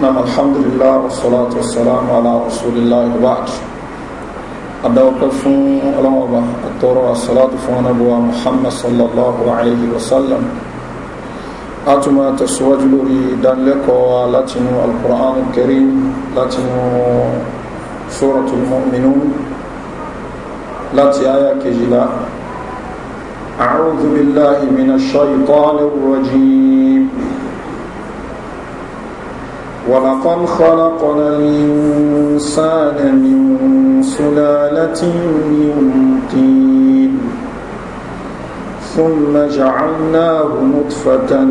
nam alhamdulillah wasalaatu wasalaamu ala rasulillah ibaad adawọ́pẹ́ fún ọlọ́mọba àtọrọ asalaatu fún anabuwa muhammad sallallahu alayhi wa sallam a tún máa tẹ̀síwájú lórí ìdánilẹ́kọ̀ọ́ látinú alkur'an karim látinú suratul mu'minun láti àyà kejìlá أعوذ بالله من الشيطان الرجيم ولقد خلقنا الإنسان من سلالة من طين ثم جعلناه نطفة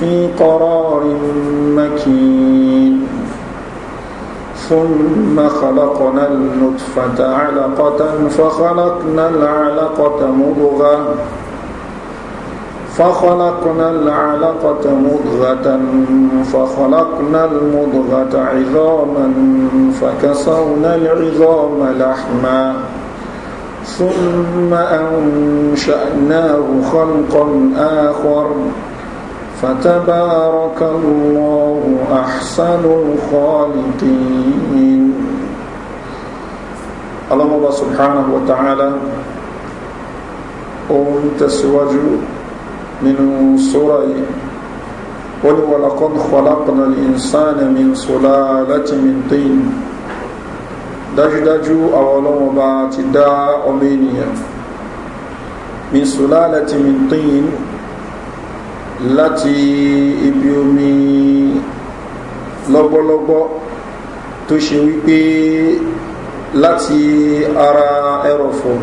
في قرار مكين ثم خلقنا النطفة علقة فخلقنا العلقة مضغة فخلقنا العلقة مضغة فخلقنا المضغة عظاما فكسونا العظام لحما ثم أنشأناه خلقا آخر فتبارك الله أحسن الخالقين الله سبحانه وتعالى أنت تسوجوا nínú sóra yìí ó ní walaqad khalaqna al-insana min sulalatin min tin dájúdájú àwọn ọlọ́wọ́n bá ti dá ọmọ ènìyàn min sulalatin min tin láti ibi omi lọ́gbọ́lọ́gbọ́ tó ṣe wípé láti ara ẹrọ̀fọ̀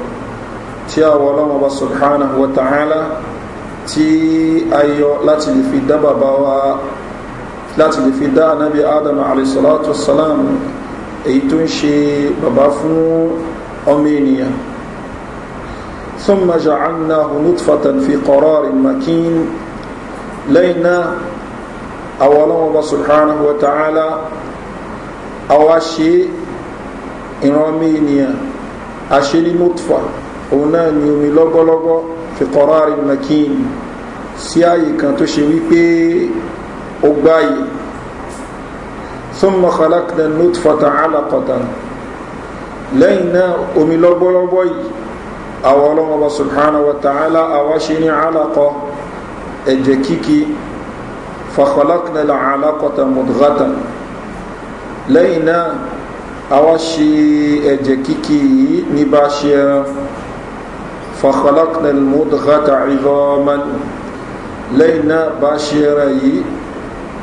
tí àwọn ọlọ́wọ́n bá subhanahu wa ta'ala tí a yọ láti lè fi dá bàbá wa láti lè fi dá anábì adam alayhisalatu salam èyí tó ń ṣe bàbá fún ọmọ ènìyàn ثم جعلناه نطفة في قرار مكين لينا أولا الله سبحانه وتعالى أواشي إرامي نيا أشيلي نطفة هنا نيومي لغو لغو fi kọ̀rọ̀rì makin sí ààyè kan tó ṣe wípé ó gbáyé súnmọ̀ khalakna nutfata alakọta lẹ́yìn náà omi lọ́gbọ́lọ́gbọ́ yìí àwọn ọlọ́mọba subhana wa ta'ala àwa ṣe ní alakọ ẹ̀jẹ̀ kíkí fakhalakna فخلقنا المدغة عظاما لينا باشيري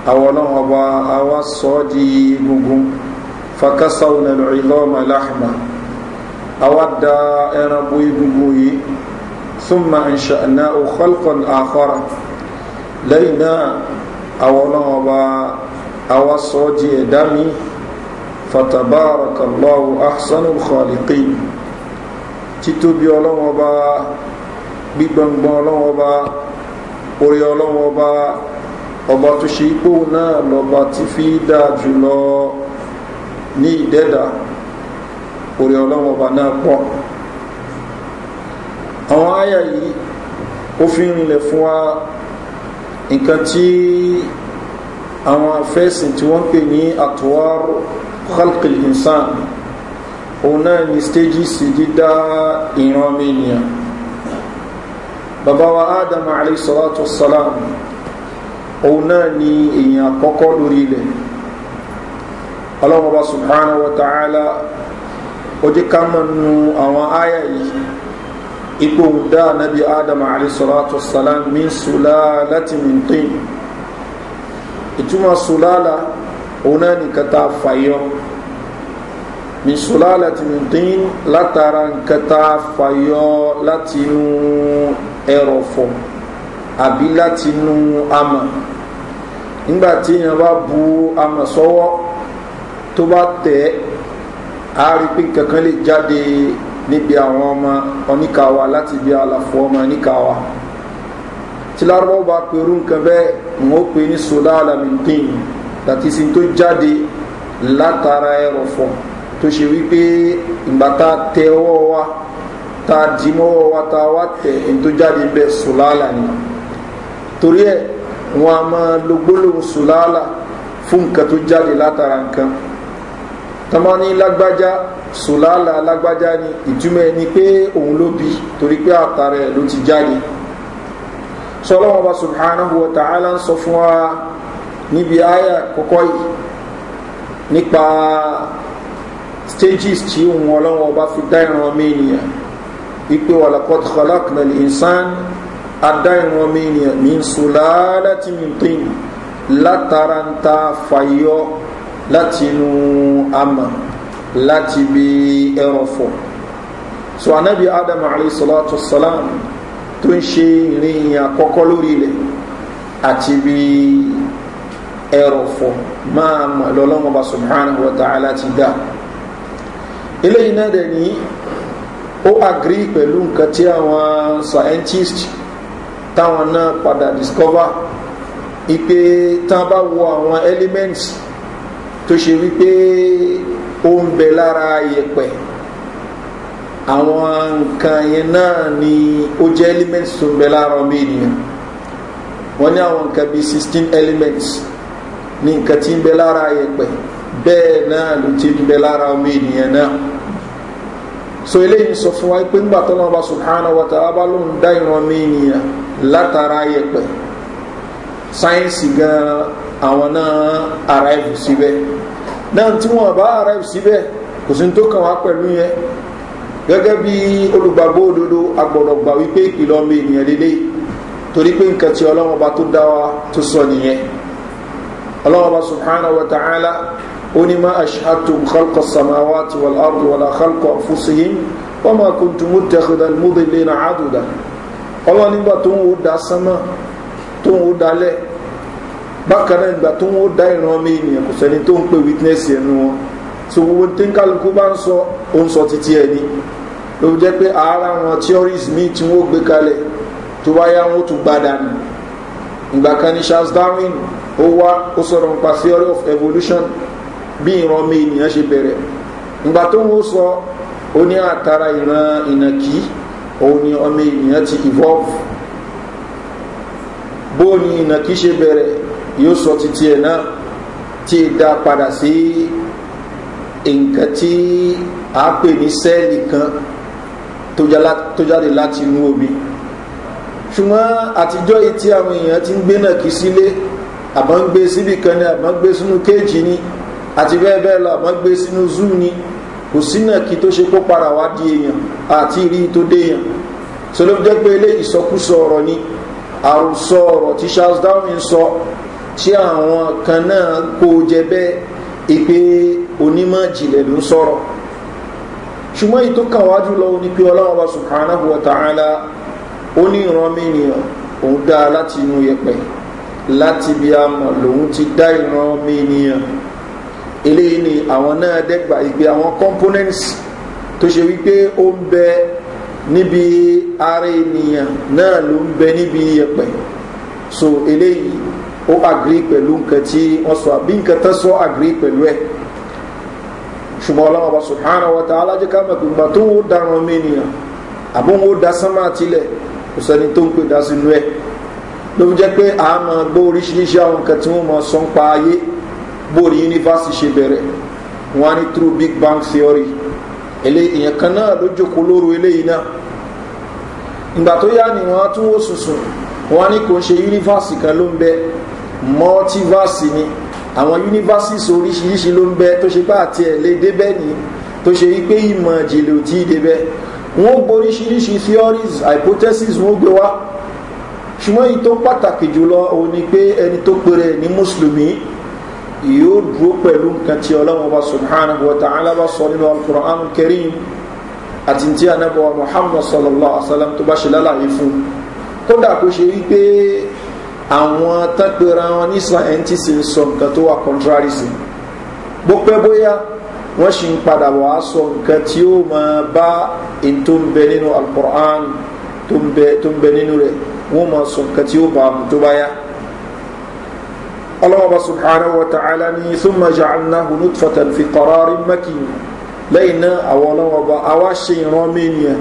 أولا وبا أو صدي فكسونا العظام لحما أودا أنا بوي ثم أنشأناه خلقا آخر لينا أولا وبا أو صدي دمي فتبارك الله أحسن الخالقين títóbi ọlọ́wọ́n ọba gbígbọ̀ngbọ̀n ọlọ́wọ́n ọba orí ọlọ́wọ́n ọba ọba tó ṣe ipò náà lọ́ba tí fi dáa jùlọ ní ìdẹ́dà orí ọlọ́wọ́n ọba náà pọ̀ àwọn àyà yìí ó fi ń rinlẹ̀ fún wa nǹkan tí àwọn afẹ́sìn tí wọ́n pè ní àtúwárò khalqil insan òun náà ni stages dídá ìran ọmọ ènìyàn bàbá wa adam aleyhisalatu salam òun náà ni èèyàn àkọ́kọ́ lórí ilẹ̀ ọlọ́mọba subhanahu wa ta'ala ó jẹ́ ká mọ̀ nu àwọn àyà yìí ipò dá nabi adam aleyhisalatu salam min sula láti mintin ìtumọ̀ sulala òun náà ni kata fayọ́ min sulalati min tin látara nǹkan tá a fàyọ láti inú ẹrọ̀fọ̀ àbí láti nígbà tí èèyàn bá bu amọ̀ sọ́wọ́ tó bá tẹ̀ á rí pé kankan lè jáde níbi àwọn ọmọ oníkàwá láti bí àlàfo ọmọ oníkàwá tí lárúbáwò bá perú nǹkan bẹ́ẹ̀ wọ́n pè ní sùlálà min tin tàtí sin tó jáde látara ẹrọ̀fọ̀. E tó ṣe wípé ìgbà tá a tẹ ọwọ́ wa tá a dì mọ́wọ́ wa tá a wá tẹ̀ ẹni tó jáde bẹ́ẹ̀ sùlálà ni torí ẹ̀ wọn a máa lo gbólóhùn sùlálà fún nǹkan tó jáde látara nǹkan tọ́mọ́ ní lágbájá sùlálà lágbájá ni ìtumọ̀ ẹni pé òun ló bi torí pé àtàrà ẹ̀ ló ti jáde sọlọ́wọ́n bá subhanahu wa ta'ala ń sọ fún wa níbi àyà kọ́kọ́ yìí nípa stages tí òun ọlọ́wọ́ ọba fi dá ìran ọmọ ènìyàn wípé wàlàkọ́tù kọlákùnà lè nsán adá ìran ọmọ ènìyàn ní nsúlá láti mìtín látara ń ta fàyọ láti inú àmà láti bí ẹrọ̀fọ̀ so anabi adam alayhi salatu salam tó ń ṣe ìrìn àkọ́kọ́ lórí ilẹ̀ àti bí ẹrọ̀fọ̀ máa lọ́lọ́mọba subhanahu wa ta'ala ti dáa eléyìí náà dẹ̀ ní ó agree pẹ̀lú nǹkan tí àwọn scientist táwọn náà padà discover ipe tán bá wo àwọn elements tó ṣe wípé ó ń bẹ lára yẹ̀pẹ̀ àwọn nǹkan yẹn náà ni ó jẹ́ elements tó ń bẹ lára ọmọ ènìyàn wọ́n ní àwọn nǹkan bíi sixteen elements ní nǹkan tí ń bẹ lára yẹ̀pẹ̀ bẹ́ẹ̀ náà ló ti ń bẹ lára ọmọ ènìyàn náà so eléyìí sọ fún wa pé ńgbà tó lọ́wọ́ bá subhanahu wa ta'ala bá lóun dá ìran mi ènìyàn látara yẹpẹ sáyẹ́nsì gan àwọn náà arrive síbẹ̀ náà tí wọ́n bá arrive síbẹ̀ kò sí tó kàn wá pẹ̀lú yẹn gẹ́gẹ́ bí olùgbàgbọ́ òdodo agbọ̀dọ̀gbà wípé ìpìlọ̀ ọmọ ènìyàn lélẹ́yìí torí pé nǹkan tí ọlọ́wọ́n tó dá wa tó sọ nìyẹn ọlọ́wọ́n bá subhanahu wa ta'ala onímọ̀ ashadtum khalqa samawati wal ardi wala khalqa anfusihim wa ma kuntum muttakhidal mudillina aduda ọlọ́run nígbà tó ń wo da sánmà tó ń wo dalẹ̀ bákan náà nígbà tó ń wo da ìran mi ènìyàn kò sẹ́ni tó ń pe witness ẹnu wọn so gbogbo tí ń kálukú bá ń sọ ó ń sọ títí ẹ ní ló ara wọn theories míì tí wọ́n gbé kalẹ̀ tó bá yá wọn ó tún gbá kan ní charles darwin ó wá ó sọ̀rọ̀ nípa theory of evolution bí ìran ọmọ ènìyàn ṣe bẹ̀rẹ̀ ìgbà tó ń sọ ó ní àtàrà ìran ìnàkí òun ni ọmọ ènìyàn ti evolve bó ni ìnàkí ṣe bẹ̀rẹ̀ yóò sọ títí ẹ̀ náà tí ì dá padà sí nǹkan tí a pè ní sẹ́ẹ̀lì kan tó jáde láti inú omi ṣùgbọ́n àtijọ́ yìí àwọn èèyàn ti ń gbé náà sílé àbọ̀ ń gbé síbì kan àbọ̀ ń gbé sínú kéèjì ni. Abangbe, àti bẹ́ẹ̀ bẹ́ẹ̀ lọ àmọ́ gbé sínú zoo ni kò sínà kí tó ṣe kó para wá di èèyàn àti ìrí tó dé èèyàn so ló jẹ́ pé ilé ìsọkúsọ ọ̀rọ̀ ni àròsọ ọ̀rọ̀ tí charles darwin sọ tí àwọn kan náà kó jẹ bẹ́ẹ̀ ìpè onímọ̀ jìnlẹ̀ ló sọ̀rọ̀ ṣùgbọ́n èyí tó kàn wájú lọ ní pé ọlọ́run ọba subhanahu wa ta'ala ó ní ìran òun dá láti inú yẹpẹ láti bí a mọ̀ lòun ti dá ìran eléyìí ni àwọn náà dẹ́gba ìgbé àwọn components tó ṣe wípé ó ń bẹ níbi ara ènìyàn náà ló ń bẹ níbi yẹpẹ so eléyìí ó agree pẹ̀lú nǹkan tí wọ́n sọ àbí nǹkan tán sọ agree pẹ̀lú ẹ̀ ṣùgbọ́n ọlọ́wọ́ bá sùhánà wọ́ta alájẹ́ká mẹ́kùngbà tó ń darun omi ènìyàn àbóhùn ó da sánmà tilẹ̀ kò sẹ́ni tó ń pè dá sínú ẹ̀ ló ń jẹ́ pé àá gbọ́ oríṣiríṣi àwọn nǹkan tí wọ́n máa sọ ń pa ayé bó university yunifásitì ṣe wọn á through big bank theory eléyìí ìyẹn kan náà ló jókòó lóru eléyìí náà ìgbà tó yá ni wọn á tún wò sùnsùn wọn á ní kò ń ṣe yunifásitì kan ló ń bẹ mọ́tífásitì ni àwọn yunifásitì oríṣiríṣi ló ń bẹ tó ṣe pé àti ẹ̀ lè débẹ̀ nìyí tó ṣe wípé ìmọ̀ ìjìnlẹ̀ ò tí ì débẹ̀ wọ́n gboríṣiríṣi theories hypotheses wọ́n gbé wá ṣùgbọ́n èyí pàtàkì jùlọ òun ni pé ẹni tó pèrè ní mùsùlùmí yóò dúró pẹ̀lú nǹkan tí ọlọ́run wa subhanahu wa ta'ala bá sọ nínú alukur'an kẹrin àti tí anábọ̀ wa muhammad sallallahu alaihi wa sallam tó bá ṣe lálàyé fún kódà kó ṣe wípé àwọn tágbéra wọn ní scientist ń sọ nǹkan tó wà contrary sí bó pẹ́ bóyá wọ́n ṣì ń padà wà á sọ nǹkan tí ó máa bá in tó ń bẹ nínú alukur'an tó ń bẹ nínú rẹ̀ wọ́n máa sọ nǹkan tí ó bá mu tó bá yá ọlọ́wọ́ba subhanahu wa ta'ala ni thumma ja'alnahu nutfatan fi qararin makin lẹ́yìn náà àwọn ọlọ́wọ́ba àwa ṣe ìran mẹ́niyàn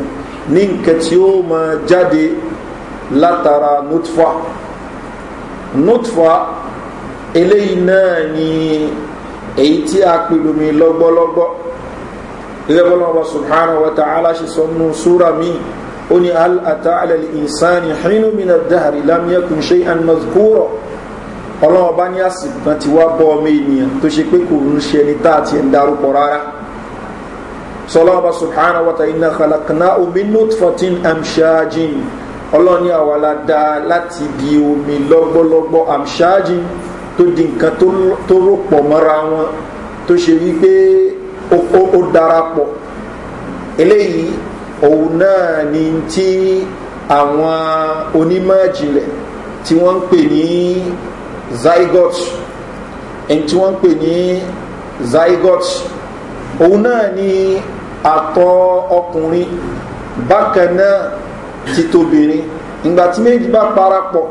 ní nǹkan tí ó máa jáde látara nutfa nutfa eléyìí náà ni èyí tí a pè lómi lọ́gbọ́lọ́gbọ́ gẹ́gẹ́ bọ́lá ọba subhanahu wa ta'ala ṣe sọ nínú súra mi ó ní al ata alẹ́ ìsáni hínú mi náà dáhàrí lámìyẹ́kùn ṣe an mazkúrọ̀ ọlọ́wọ́ bá ní àsìkò kan ti wá bọ́ ọmọ ènìyàn tó ṣe pé kò ń ṣe ẹni tá àti ẹ̀ darúpọ̀ rárá sọlọ́wọ́ subhanahu wa ta'ina khalakana omi nutfatin amshajin ọlọ́ni àwàlá dá láti di omi lọ́gbọ́lọ́gbọ́ amshajin tó di nǹkan tó rọ̀pọ̀ mọ́ra wọn tó ṣe wípé ó darapọ̀ eléyìí òun náà ni tí àwọn onímọ̀ ìjìnlẹ̀ tí wọ́n ń pè ní zygote ẹni tí wọ́n ń pè ní zygote òun náà ni àtọ̀ ọkùnrin bákan náà ti tóbìnrin ìgbà tí méjì bá parapọ̀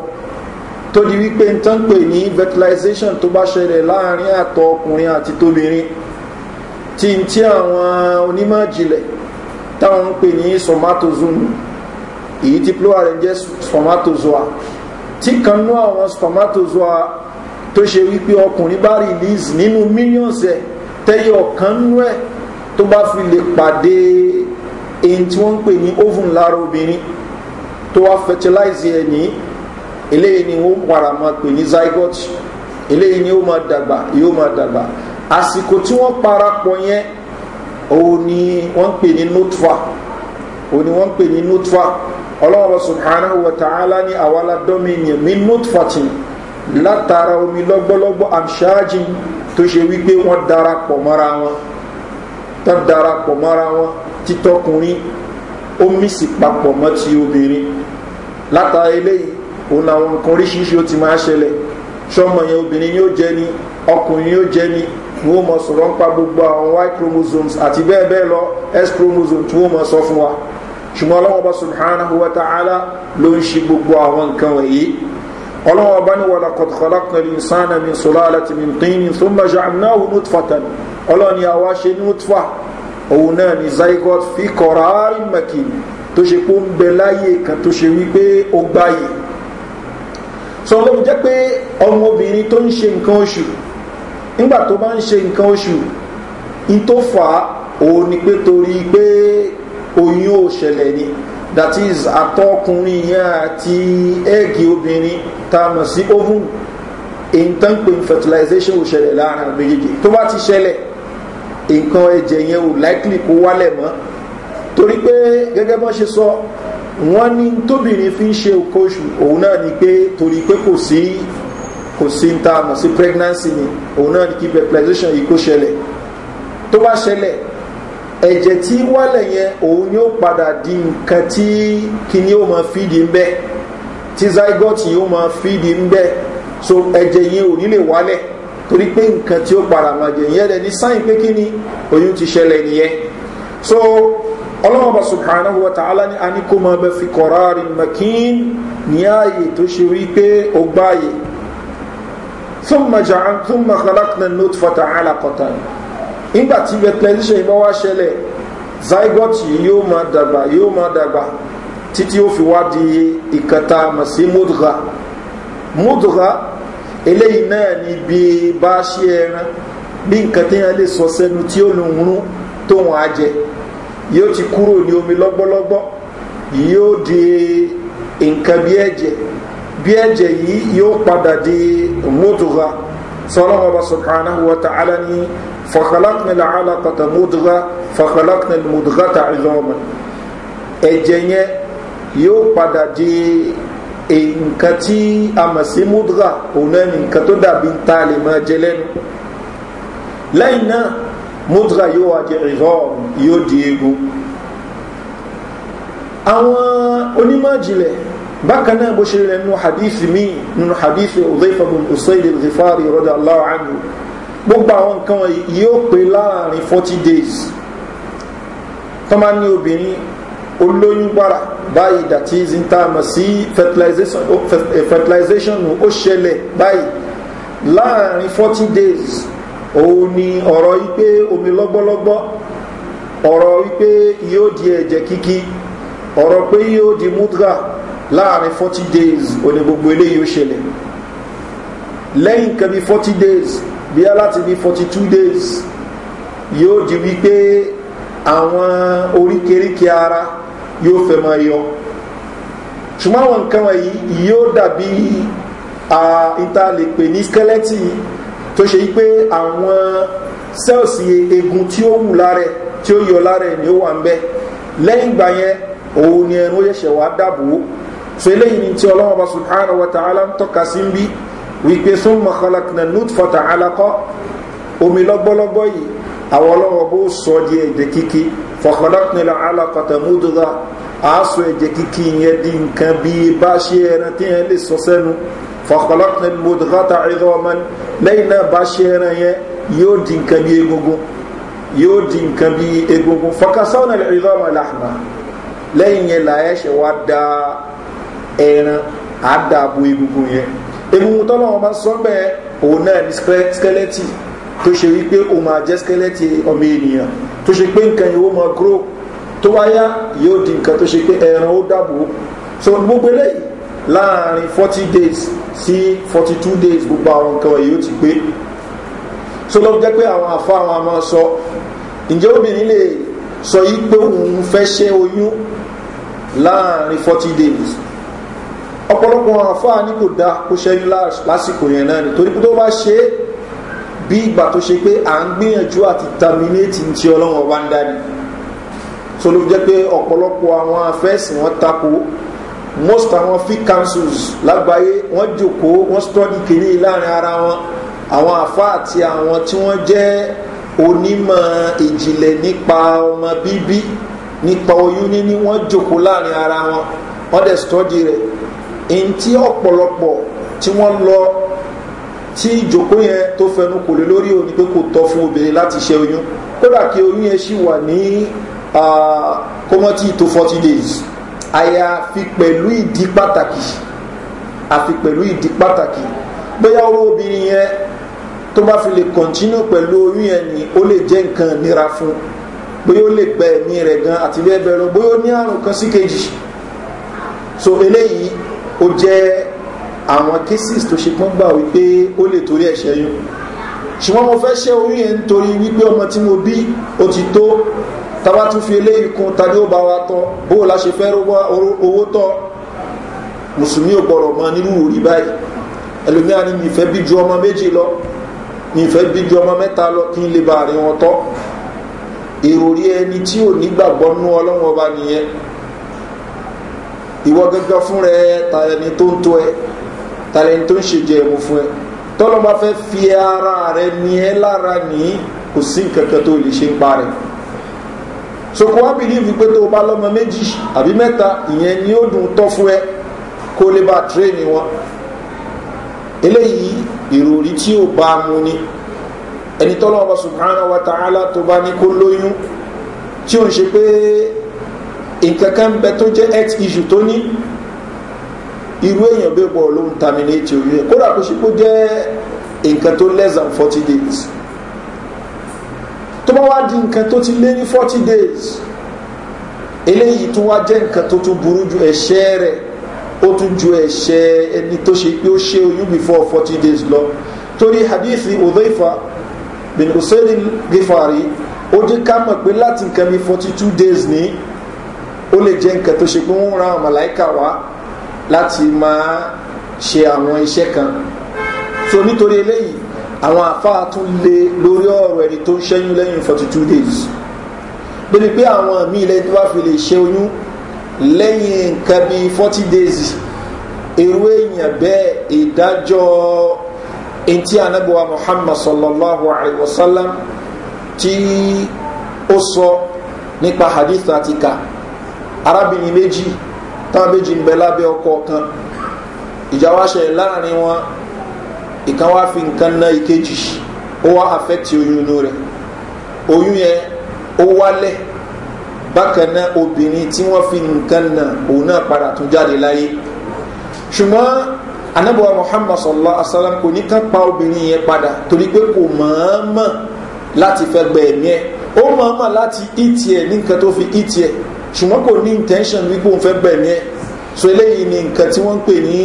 tó di wípé n tán pè ní fertilization tó bá ṣẹlẹ̀ láàrin àtọ̀ ọkùnrin àti tóbìnrin tí n tí àwọn onímọ̀ jìnlẹ̀ táwọn ń pè ní somatozoon èyí tí plural rẹ̀ jẹ́ somatozoa tí kan nú àwọn spermatos wa tó ṣe wípé ọkùnrin bá release nínú millions ẹ̀ tẹ́yẹ ọ̀kan nú ẹ̀ tó bá fi lè pàdé èyí tí wọ́n ń pè ní oven lára obìnrin tó wá fertilize ẹ̀ ní eléyìí ni wọ́n para máa pè ní zygote eléyìí ni ó máa dàgbà yóò máa dàgbà àsìkò tí wọ́n parapọ̀ yẹn òun ni wọ́n ń pè ní nutfa òun ni wọ́n ń pè ní nutfa ọlọ́wọ́ subhanahu wa ta'ala ní àwàlá domini min nutfatin látara omi lọ́gbọ́lọ́gbọ́ amṣáájì tó ṣe wípé wọ́n darapọ̀ mọ́ra wọn tó darapọ̀ mọ́ra wọn títọ́kùnrin omi sì papọ̀ mọ́ ti obìnrin látara eléyìí òun làwọn nǹkan oríṣiríṣi ó ti máa ṣẹlẹ̀ ṣọmọ yẹn obìnrin yóò jẹ ni ọkùnrin yóò jẹ ni ni wọ́n mọ̀ sọ̀rọ̀ ń pa gbogbo àwọn y chromosomes àti bẹ́ẹ̀ bẹ́ẹ̀ lọ x chromosome tí wọ́n mọ̀ sọ fún wa ṣùgbọ́n ọlọ́wọ́ bá subhanahu wa ta'ala ló ń ṣe gbogbo àwọn nǹkan wọ̀nyí ọlọ́wọ́ bá ní wàlá kọ̀tọ̀kọ̀lọ́kọ̀ lè sáànà mi sọ́lá láti mi tí ní tó mọ̀ ṣe àmìnáwó nutfatan ọlọ́ni àwa ṣe nutfa òun náà ni zygote fi kọ̀rárí mẹ́kì tó ṣe pó ń kan tó ṣe wípé ó gbáyé sọ ló jẹ́ pé ọmọbìnrin tó ń ṣe nǹkan oṣù nígbà tó bá ń ṣe nǹkan oṣù ní tó fà á ni pé torí pé oyún ò ṣẹlẹ̀ ni that is àtọkùnrin yẹn àti ẹ́ẹ̀gì obìnrin tá a mọ̀ sí oven nǹkan pé fertilization ò ṣẹlẹ̀ láàrin méjèèjì tó bá ti ṣẹlẹ̀ nǹkan ẹ̀jẹ̀ yẹn ò likely kó wálẹ̀ mọ́ torí pé gẹ́gẹ́ bọ́n ṣe sọ wọ́n ní tóbìnrin fi ń ṣe òkó oṣù òun náà ni pé torí pé kò sí kò sí ń ta mọ̀ sí pregnancy ni òun náà ni kí fertilization yìí kó ṣẹlẹ̀ tó bá ṣẹlẹ̀ ẹ̀jẹ̀ tí wálẹ̀ yẹn òun yóò padà di nǹkan tí kíní ó máa fídìí ń bẹ́ tí zygote yóò máa fídìí ń bẹ́ so ẹ̀jẹ̀ yẹn ò ní lè wálẹ̀ torí pé nǹkan tí ó padà máa jẹ yẹn lẹ́ni sáyìn pé kíní oyún ti ṣẹlẹ̀ nìyẹn so ọlọ́mọba subhanahu wa ta'ala ni a ní kó máa bẹ fi kọ̀ráàrí makin ní ààyè tó ṣe wí pé ó gbáàyè ثم جعل ثم خلقنا النطفة علقة nígbà tí fertilization bá wá ṣẹlẹ̀ zygote yóò máa dàgbà yóò máa dàgbà títí ó fi wá di ìkẹta mọ̀ sí mudra mudra eléyìí náà ni bí bá ṣe ẹran bí nǹkan tí wọ́n lè sọ sẹ́nu tí ó lòun rún tóun á jẹ yóò ti kúrò ní omi lọ́gbọ́lọ́gbọ́ yóò di nǹkan bí ẹ̀jẹ̀ bí ẹ̀jẹ̀ yìí yóò padà di mudra sọlọ́mọba sọ̀kànà wọ́tà alá ní فخلقنا العلقة مضغة فخلقنا المضغة عظاما ẹ̀jẹ̀ yẹn yóò padà di nǹkan tí a mọ̀ sí mudra òun náà ni nǹkan tó dàbí ta lè máa jẹ lẹ́nu lẹ́yìn náà mudra yóò wá jẹ ìrọ̀rùn yóò di egun àwọn onímọ̀ jìnlẹ̀ bákan náà bó ṣe rẹ̀ nínú hadith míì nínú hadith ọ̀dẹ́fà bin usaid al-ghifari rọ́dà allah anhu gbogbo àwọn nǹkan yóò pé láàrin forty days tọ́mà ní obìnrin olóyún gbára báyìí in time. Oh, sí eh, fertilization ó ṣẹlẹ̀ báyìí láàrin 40 days òun ni ọ̀rọ̀ wípé omi lọ́gbọ́lọ́gbọ́ ọ̀rọ̀ wípé yóò di ẹ̀jẹ̀ kíkí ọ̀rọ̀ pé yóò di mudra láàrin forty days òní gbogbo eléyìí ó ṣẹlẹ̀ lẹ́yìn kan bí forty days bí a láti bí 42 days yóò di wípé àwọn oríkèríkè ara yóò fẹ́ máa yọ ṣùgbọ́n àwọn nǹkan wọ̀nyí yóò dàbí ìtàlẹ̀pẹ̀ ní skeleton tó ṣe wípé àwọn cells egun tí ó wù lára tí ó yọ lára ni ó wà ń bẹ lẹ́yìn ìgbà yẹn òun ni ẹnu ó ṣẹ̀ṣẹ̀ wá dàbò so eléyìí ni tí ọlọ́wọ́ bá subhanahu wa ta'ala ń tọ́ka sí ń bí wípé súnmọ̀ kọlọ̀kìnà nútfọ̀tà alákọ́ omi lọ́gbọ́lọ́gbọ́ yìí àwọn ọlọ́wọ́ bó sọ di ẹ̀jẹ̀ kíkí fọ̀kọlọ̀kìnà alákọ̀tà múdúdá àásọ ẹ̀jẹ̀ kíkí yẹn di nǹkan bí bá ṣe ẹran tí yẹn lè sọ sẹ́nu fọ̀kọlọ̀kìnà múdúdá ta ẹ̀rọ ọmọ lẹ́yìn náà bá ṣe ẹran yẹn yóò di nǹkan bí egungun yóò di nǹkan bí egungun fọkàsọ́nà ẹ̀rọ egungun tọ́lọ́wọ́n bá sọ bẹ́ẹ̀ òun náà ní skẹ́lẹ́tì tó ṣe wípé o máa jẹ́ skẹ́lẹ́tì ọmọ ènìyàn tó ṣe pé nǹkan yìí ó máa grow tó wá yóò di nǹkan tó ṣe pé ẹran ó dàbò so gbogbo eléyìí láàrin forty days sí forty two days gbogbo àwọn nǹkan wọ̀nyí ó ti gbé so lọ́wọ́ jẹ́ pé àwọn àfa àwọn àmọ́ sọ ǹjẹ́ obìnrin lè sọ yí pé òun fẹ́ ṣẹ́ oyún láàrin forty days ọ̀pọ̀lọpọ̀ àfáà ní kò dá kó ṣẹ́yún lásìkò yẹn náà ni torí tó bá ṣe é bí ìgbà tó ṣe pé à ń gbìyànjú àti terminate ti ọlọ́run ọba ń dá ni so ló jẹ́ pé ọ̀pọ̀lọpọ̀ àwọn afẹ́sìn wọn tako most àwọn fee councils lágbàáyé wọ́n jòkóó wọ́n study kiri láàrin ara wọn àwọn àfa àti àwọn tí wọ́n jẹ́ onímọ̀ ìjìnlẹ̀ nípa ọmọ bíbí nípa oyún níní wọ́n jòkóó láàrin ara wọn wọ́n dẹ̀ study rẹ̀ èyí tí ọ̀pọ̀lọpọ̀ tí wọ́n lọ tí ìjókòó yẹn tó fẹnu kò lè lórí òní pé kò tọ́ fún obìnrin láti ṣe oyún kódà kí oyún yẹn ṣì wà ní kọ́mọ́tì tó forty days àyàfi pẹ̀lú ìdí pàtàkì àfi pẹ̀lú ìdí pàtàkì bóyá owó obìnrin yẹn tó bá fi lè kọ̀ntínú pẹ̀lú oyún yẹn ni ó lè jẹ́ nǹkan nira fún bóyá ó lè gba ẹ̀mí rẹ̀ gan àti bẹ́ẹ̀ bẹ́ẹ̀ lọ bóyá ó ní àrùn kan sí kejì so eléyìí ó jẹ́ àwọn cases tó ṣe pọ́n gbà wípé ó lè torí ẹ̀ṣẹ̀ yún ṣùgbọ́n mo fẹ́ ṣe oyún yẹn nítorí wípé ọmọ tí mo bí ó ti tó tàbá tún fi eléyìí kún tàbí ó bá wa tọ́ bó la ṣe fẹ́ owó tọ́ mùsùlùmí ò gbọ́rọ̀ mọ́ nínú òrí báyìí ẹlòmíà ni ìfẹ́ bí ju ọmọ méjì lọ ìfẹ́ bí ju ọmọ mẹ́ta lọ kí n lè bá àárín wọn tọ́ èrò rí ẹni tí ò nígbàgbọ́ nú ọlọ́run ọba nìyẹn ìwọ gángan fún rẹ tàlẹ́ni tó ń tó ẹ tàlẹ́ni tó ń ṣe jẹ ẹ̀mú fún ẹ tọ́lọ́ bá fẹ́ fi ara rẹ ní ẹ lára ní kò sí nǹkan kan tó lè ṣe ń parẹ́ soko wa bìlíìfì pé tó o bá lọ́mọ méjì àbí mẹ́ta ìyẹn ni ó dùn tọ́ fún ẹ kó lè bá tírénì wọn eléyìí ìròrí tí ó bá mu ni ẹni tọ́lọ́ ọba subhanahu wa ta'ala tó bá ní kó lóyún tí ó ń ṣe pé nǹkan kan bẹ tó jẹ́ x issue tó ní irú èèyàn bẹ́ẹ̀ bọ̀ ló ń terminate oyún ẹ̀ kódà kó ṣe kó jẹ́ tó less than forty days tó bá wá di nǹkan tó ti lé ní forty days eléyìí tó wá jẹ́ nǹkan tó tún burú ju ẹ̀ṣẹ́ rẹ̀ ó tún ju ẹ̀ṣẹ́ ẹni tó ṣe pé ó ṣe oyún before forty days lọ torí hadithi udhaifa bin hussein gifari ó jẹ́ ká mọ̀ pé láti nǹkan bí forty two days ni ó lè jẹ́ nǹkan tó ṣe pé wọ́n ra àwọn màláìka wá láti máa ṣe àwọn iṣẹ́ kan so nítorí eléyìí àwọn àfáà tún lé lórí ọ̀rọ̀ ẹni tó ń ṣẹ́yún lẹ́yìn forty two days débi pé àwọn míì lẹ́yìn tó bá fi lè ṣe oyún lẹ́yìn nǹkan bíi forty days irú èèyàn bẹ́ẹ̀ ìdájọ́ ntí anábíwá muhammad sallallahu alayhi wa sallam tí ó sọ nípa hadith àti kà arábìnrin méjì táwọn méjì ń bẹ lábẹ́ ọkọ̀ kan ìjà wá ṣẹlẹ̀ láàrin wọn ìkan wá fi nǹkan na ìkejì ó wá àfẹ́tì oyún inú rẹ̀ oyún yẹn ó wálẹ̀ bákan náà obìnrin tí wọ́n fi nǹkan ná òun náà padà tún jáde láyé ṣùgbọ́n anábọ̀wá muhammad sallallahu alaihi wa sallam kò ní kán pa obìnrin yẹn padà torí pé kò mọ̀ọ́mọ̀ láti fẹ́ gbẹ̀mí ẹ̀ ó mọ̀ọ́mọ̀ láti ìtì ẹ̀ ní nǹkan tó fi ìtì ẹ̀ ṣùgbọ́n kò ní intention wípé òun fẹ́ gbẹ̀mí ẹ̀ so eléyìí ni nǹkan tí wọ́n ń pè ní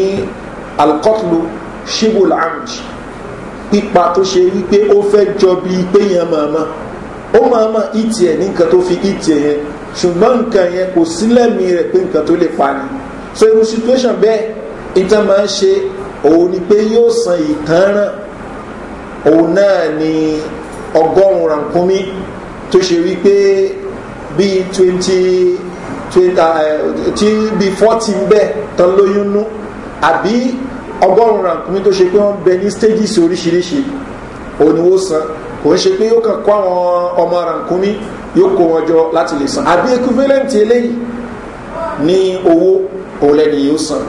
alkotlu shibul amj pípa tó ṣe wípé ó fẹ́ jọ bí pé yẹn mọ̀ọ́mọ́ ó mọ̀ọ́mọ́ ìtì ẹ̀ ní nǹkan tó fi ìtì ẹ̀ yẹn ṣùgbọ́n nǹkan yẹn kò sí lẹ́mìí rẹ̀ pé nǹkan tó lè pa ni so irú situation bẹ́ẹ̀ ìtàn máa ń ṣe òun ni pé yóò san ìtanràn òun náà ni ọgọ́rùn-ún rànkúnmí tó ṣe wípé bíi twenty tí bíi forty ń bẹ̀ tán lóyún nú àbí ọgọ́rùn-ún rànkúnmí tó ṣe pé wọ́n bẹ ní stages oríṣiríṣi òníwó san kò ń ṣe pé yóò kàn kó àwọn ọmọ rànkúnmí yóò kó wọn jọ láti lè san àbí equivalent eléyìí ní owó òun yóò san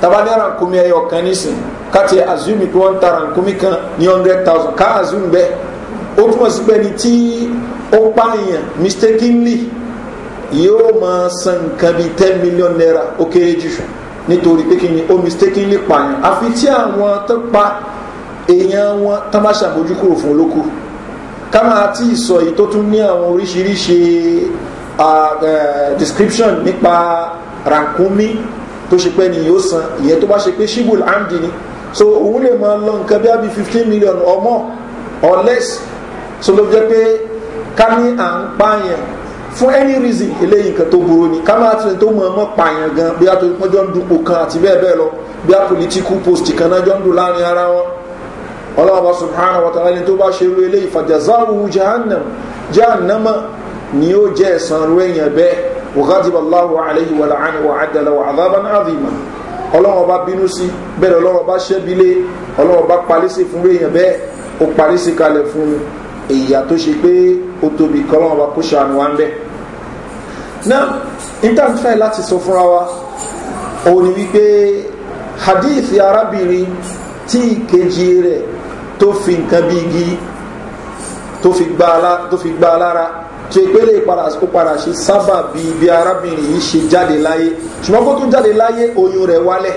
taba ní rànkúnmí ẹyọ kan nísìn káti azumi pé wọ́n ń ta rànkúnmí kan ní hundred thousand ká azumi bẹ́ẹ̀ ó túmọ̀ sí pé ní tí ó pààyàn mistakenly yóò máa san nǹkan bíi ten million naira ó kéré jù nítorí pé kí ni ó mistakenly pààyàn àfi tí àwọn tó pa èèyàn wọn tá má ṣàbójúkúrò fún olóko ká máa tí ì sọ èyí tó tún ní àwọn oríṣiríṣi description nípa rankumi tó ṣe pé ni yóò san ìyẹn tó bá ṣe pé shibul amdi ni so òun lè máa lọ nǹkan bí i fifteen million or more or less so ló jẹ́ pé ká ní à ń pààyàn fún any reason eléyìí nǹkan tó burú ni ká máa tilẹ̀ tó mọ̀ ọmọ pààyàn gan bí wọ́n jọ ń dupò kan àti bẹ́ẹ̀ bẹ́ẹ̀ lọ bí a political post kan náà jọ ń dùn láàrin ara wọn ọlọ́wọ́ subhanahu wa ta'ala ni tó bá ṣe rú eléyìí fàjàzáwù jahannam jahannama ni ó jẹ́ ẹ̀sán rú èèyàn bẹ́ẹ̀ wàhádìbà aláwọ̀ aláhi wà láàánú wà ádàlà wà àdábà náà àdìmà ọlọ́wọ́ bá bínú sí bẹ́ẹ̀ ọlọ́wọ́ bá ṣẹ́bílé ọlọ́wọ́ bá parí sí fún rú èèyàn bẹ́ẹ̀ ó parí kalẹ̀ fún un ìyà tó ṣe pé ó tóbi kọ́lọ́n ọba kó ṣàánú wa ń bẹ́ náà intanfẹ́ láti sọ fúnra wa òun ni wípé hadith arábìnrin tí ìkejì rẹ̀ tó fi nǹkan bí igi tó fi gba lára tó ìpele ó padà ṣe sábà bí bí arábìnrin yìí ṣe jáde láyé ṣùgbọ́n kó tún jáde láyé oyún rẹ̀ wálẹ̀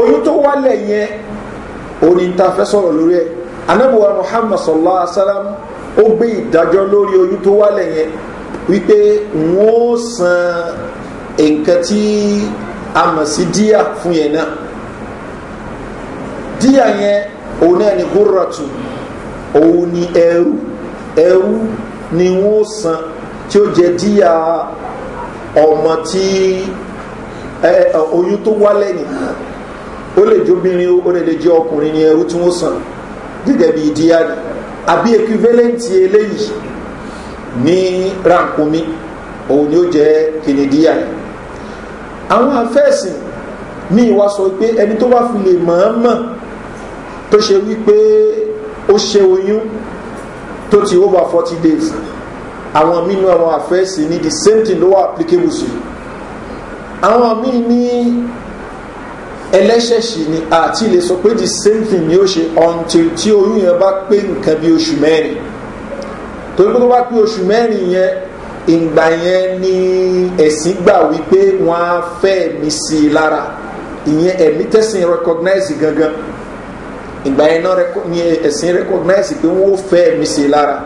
oyún tó wálẹ̀ yẹn òun ta fẹ́ sọ̀rọ̀ lórí ẹ̀ anabuwa muhammad sallallahu alaihi wasallam ó gbé ìdájọ́ lórí oyún tó wálẹ̀ yẹn wípé wọ́n ó san nǹkan tí a mọ̀ sí díà fún yẹn náà díà yẹn òun náà ni húrọ̀tù òun ni ẹrú ẹrú ni wọ́n ó san tí ó jẹ díà ọmọ tí oyún tó wálẹ̀ nìyẹn ó lè jóbìnrin ó lè jẹ ọkùnrin ni san. gẹ́gẹ́ bí díárì àbí equivalenti eléyìí ní ránkumi òun ni ó jẹ́ kíni díárì àwọn afẹ́sìn míì wá sọ pé ẹni tó bá fi lè mọ̀ọ́mọ̀ tó ṣe wípé ó ṣe oyún tó ti over forty days àwọn míì ní àwọn afẹ́sìn ní the same thing ló wà applicable sí àwọn míì ní ẹlẹ́ṣẹ̀ṣì ni àti lè sọ pé the same thing ni ó ṣe until tí oyún yẹn bá pé nǹkan bí oṣù mẹ́rin torí pé tó bá pé oṣù mẹ́rin yẹn ìgbà yẹn ni ẹ̀sìn gbà wípé wọ́n á fẹ́ ẹ̀mí sí i lára ìyẹn ẹ̀mí tẹ̀sìn recognize gangan ìgbà yẹn náà ni ẹ̀sìn recognize pé wọ́n ó fẹ́ ẹ̀mí sí i lára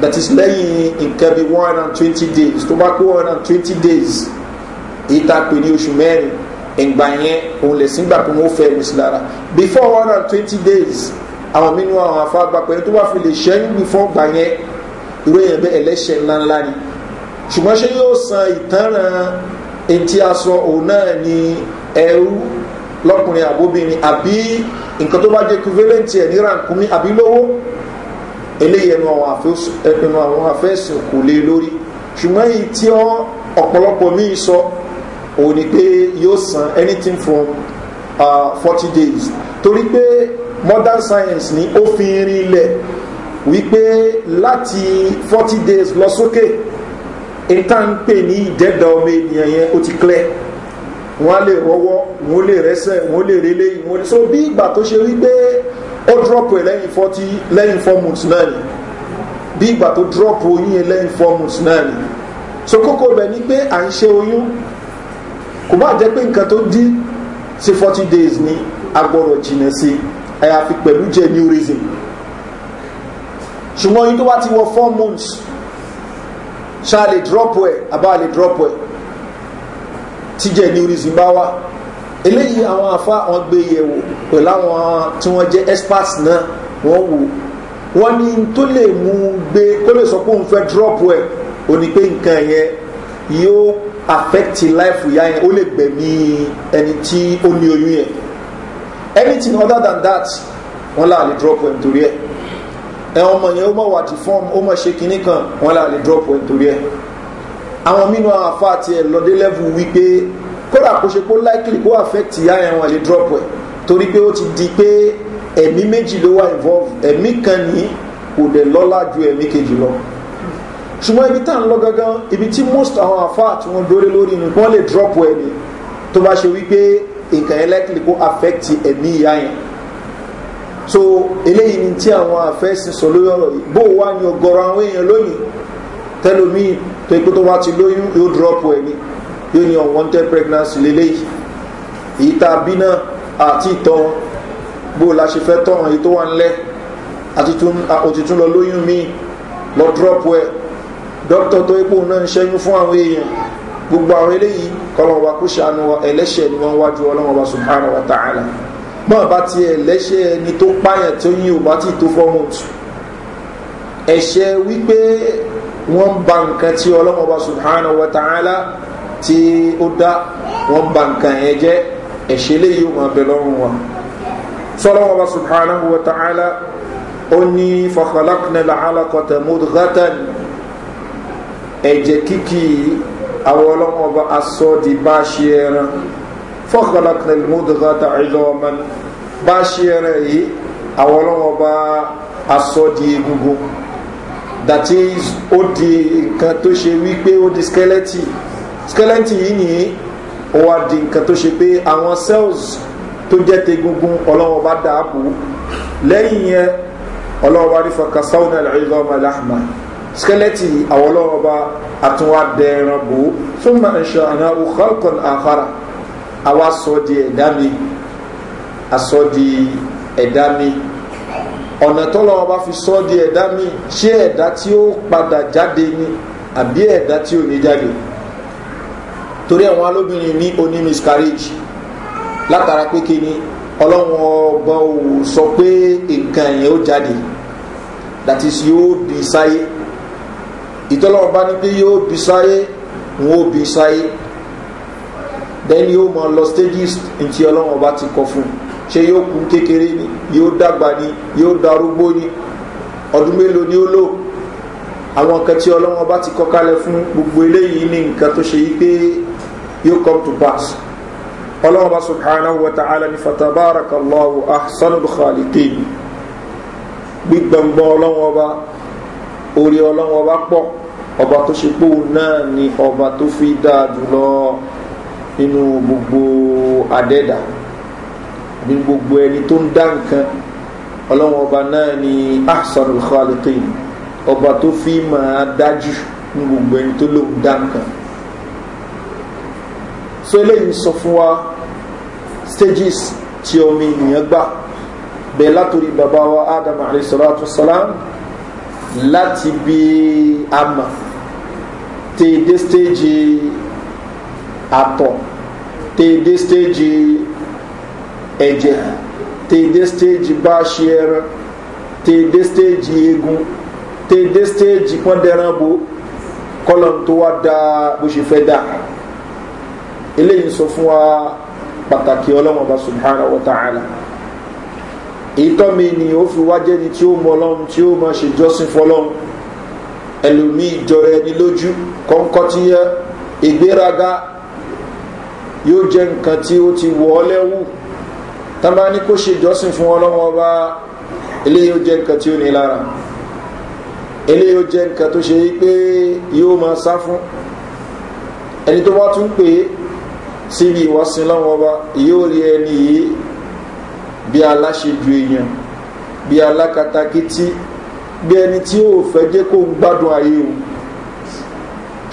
that is lẹ́yìn nǹkan bí one hundred and twenty days tó bá pé one hundred and twenty days èyí tá a pè ní oṣù mẹ́rin ìgbà yẹn òun lè sìn gbà pé wọ́n fẹ́ sí lára before one and twenty days àwọn mínú àwọn afáàgbà pẹ̀lú tó bá fi lè ṣẹ́yìn before gbà yẹn ìró yẹn bẹ́ ẹlẹ́ṣẹ̀ ńláńlá ni ṣùgbọ́n ṣé yóò san ìtanràn etí aṣọ òun náà ni ẹrú lọkùnrin àbóbìnrin àbí nǹkan tó bá jẹ́ equivalent ẹ̀ ní rànkúmí àbí lówó eléyìí ẹnu àwọn àfẹ́sùn kò lé lórí ṣùgbọ́n èyí tí ọ̀pọ̀lọpọ̀ míì sọ òun ni pé yóò san anything from uh, forty uh, days torí pé modern science ni ó fi rin ilẹ̀ wípé láti forty days lọ sókè ìta ń pè ní ìdẹ́dà ọmọ ènìyàn yẹn ó ti clear wọ́n lè rọwọ́ wọ́n lè rẹ́sẹ̀ wọ́n lè relé wọ́n lè so bí ìgbà tó ṣe wípé ó drop ẹ̀ lẹ́yìn forty lẹ́yìn four months náà ni bí ìgbà tó drop oyún yẹn lẹ́yìn four months náà ni so kókó bẹ̀ ni pé à ń ṣe oyún kò bá jẹ́ pé nǹkan tó dín sí forty days ni agbọ́dọ̀ jìnà sí àyàfi pẹ̀lú jẹ́ new reason ṣùgbọ́n yín tó bá ti wọ four months ṣáà lè drop ẹ̀ àbá lè drop ẹ̀ tíjẹ́ new reason bá wá eléyìí àwọn afá wọn gbé yẹ̀wò pẹ̀lú àwọn tí wọ́n jẹ́ experts náà wọ́n wò wọ́n ní tó lè mú gbé kó lè sọ pé òun fẹ́ drop ẹ̀ ò pé nǹkan yẹn yóò affect life ìyá yẹn ó lè gbẹ̀mí ẹni tí ó ní oyún yẹn anything other than that wọ́n là lè drop ẹ̀ nítorí ẹ̀ ẹ̀ ọmọ yẹn ó mọ̀ wà ti form ó mọ̀ ṣe kinní kan wọ́n là lè drop ẹ̀ nítorí ẹ̀ àwọn mínú àwọn afá àti ẹ̀ lọ́dẹ level wípé kódà kó ṣe kó likely kó affect ìyá yẹn wọ́n lè drop ẹ̀ torí pé ó ti di pé ẹ̀mí méjì ló wà involve ẹ̀mí kan ní kò dẹ̀ lọ́lá ju ẹ̀mí kejì lọ ṣùgbọ́n ibi tá à ń lọ gangan ibi tí most àwọn àfáà tí wọ́n dóre lórí ni wọ́n lè drop ẹ ni tó bá ṣe wípé nǹkan ẹlẹ́kìlì kó affect ẹ̀mí ìyá yẹn so eléyìí ni tí àwọn àfẹ́sìn sọ lórí ọ̀rọ̀ yìí bó wà ní ọgọ́rọ̀ àwọn èèyàn lónìí tẹlomiin tó ikú tó bá ti lóyún yóò drop ẹ ni yóò ní unwanted pregnancy lélẹ́yìí èyí tá a bí náà àti ìtàn bó la ṣe fẹ́ tọ̀ràn èyí tó wà ńlẹ̀ àti òtítún lọ lóyún míì lọ drop ẹ dókítà tó ipò náà ń ṣẹ́yún fún àwọn èèyàn gbogbo àwọn eléyìí kọlọ́wọ́ kó ṣàánú ẹlẹ́ṣẹ̀ ni wọ́n wájú ọlọ́wọ́ subhanahu wa ta'ala mọ́ bá ti ẹlẹ́ṣẹ̀ ẹni tó pààyàn tó yín ò bá ti tó fọ́mọ̀ tù ẹ̀ṣẹ̀ wípé wọ́n ba nǹkan tí ọlọ́wọ́ subhanahu wa ta'ala tí ó dá wọ́n ba nǹkan yẹn jẹ́ ẹ̀ṣẹ̀ eléyìí ò máa bẹ ẹ̀jẹ̀ kíkì àwọn ọlọ́mọ ọba aṣọ di bá ṣe ẹran fọ́kànlákan ìmúdọ̀gátà ìlọ́ọ̀mọ́n bá ṣe ẹran yìí àwọn ọlọ́mọ ọba aṣọ di egungun that is ó di nǹkan tó ṣe wípé ó di skeleton skeleton yìí ni ó wá di nǹkan tó ṣe pé àwọn cells tó jẹ́ tegungun ọlọ́wọ́ bá dàbò lẹ́yìn yẹn ọlọ́wọ́ rí fọkà sauna al-izama lahma skeleti àwọn ọlọ́wọ́ bá àtúnwá dẹran bò ó fún ma ń ṣe àná òkàlùkàn àkàrà àwa sọ di ẹ̀dá mi asọ di ẹ̀dá mi ọ̀nà tọ́lọ́wọ́ fi sọ di ẹ̀dá mi ṣé ẹ̀dá tí ó padà jáde ni àbí ẹ̀dá tí ò ní jáde torí àwọn alóbìnrin ní oní miscarriage látara pé ni ọlọ́wọ́n ọba ò sọ pé nǹkan yẹn ó jáde that is yóò bí sáyé ìtọ́lọ́wọ́ bá ní pé yóò bí sáyé wọn ó bí sáyé then yóò mọ lọ stages ntí ọlọ́wọ́ bá ti kọ fún un ṣé yóò kú kékeré ni yóò dàgbà ni yóò darúgbó ni ọdún mélòó ni ó lò àwọn nǹkan tí ọlọ́wọ́ ti kọ kalẹ̀ fún gbogbo eléyìí ní nǹkan tó ṣe yí pé yóò come to pass ọlọ́wọ́ bá subhanahu wa ta'ala ni fatabarakallahu ahsanul khaliqin gbígbọ̀ngbọ̀n ọlọ́wọ́ bá orí ọlọ́wọ́ bá pọ̀ ọba tó ṣe pé òun náà ni ọba tó fi dáa jùlọ nínú gbogbo adẹ́dà ní gbogbo ẹni tó ń dá nǹkan ọlọ́wọ́n ọba náà ni ahsanul khaliqin ọba tó fi máa dájú ní gbogbo ẹni tó lóun dá nǹkan so eléyìí sọ fún wa stages tí ọmọ ènìyàn gbà bẹ́ẹ̀ látòrí bàbá wa adam alayhi salatu salam láti bí amọ̀ tèdè stéèjì àtọ̀ tèdè stéèjì ẹ̀jẹ̀ tèdè stéèjì bá ṣe ẹran tèdè stéèjì eegun tèdè stéèjì pọ́ndẹ̀rán bo kọ́lọ̀n tó wá da bó ṣe fẹ́ dà eléyìí sọ fún wa pàtàkì ọlọ́mọba subhanahu wa ta'ala. ala ìtọ́mi ènìyàn ó fi wájẹ́ ni tí ó mọ ọlọ́run tí ó máa ṣèjọ́sìn fọlọ́run ẹlòmí ìjọra ẹni lójú kọ́ńkọ́tíyẹ ìgbéraga yóò jẹ́ nǹkan tí ó ti wọ̀ ọ́ lẹ́wù tábà ní kó ṣèjọ́sìn fún ọlọ́run ọba eléyìí ó jẹ́ nǹkan tí ó ní lára eléyìí ó jẹ́ nǹkan tó ṣe yí pé yóò máa sá fún ẹni tó bá tún pè é síbi ìwọ́sìn lọ́wọ́ ọba yóò rí ẹni yìí bí aláṣejù èèyàn bí alákatakítí bí ẹni tí ó fẹ́ jẹ́ kó ń gbádùn ayé o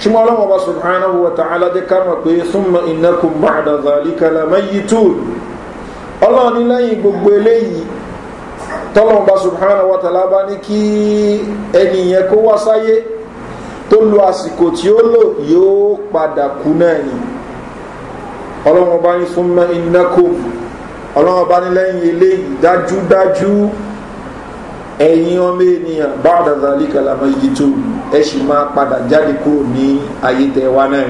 ṣùgbọ́n ọlọ́wọ́ bá subhanahu wa ta'ala jẹ́ ká mọ̀ pé súnmọ́ ìnákùn bá àdàzà àlíkàlà mẹ́yìí tó ọlọ́run ní lẹ́yìn gbogbo eléyìí tọ́lọ́run bá subhanahu wa ta'ala ní kí ẹnìyẹn kó wá sáyé tó lo àsìkò tí ó lò yóò padà kú náà ni ọlọ́run bá ní súnmọ́ ìnákùn ọlọ́run ọba ní lẹ́yìn eléyìí dájúdájú ẹ̀yin ọmọ ènìyàn bá àdàdà líkàlámọ́ yìí tó ẹ sì máa padà jáde kúrò ní ayé tẹ̀wá náà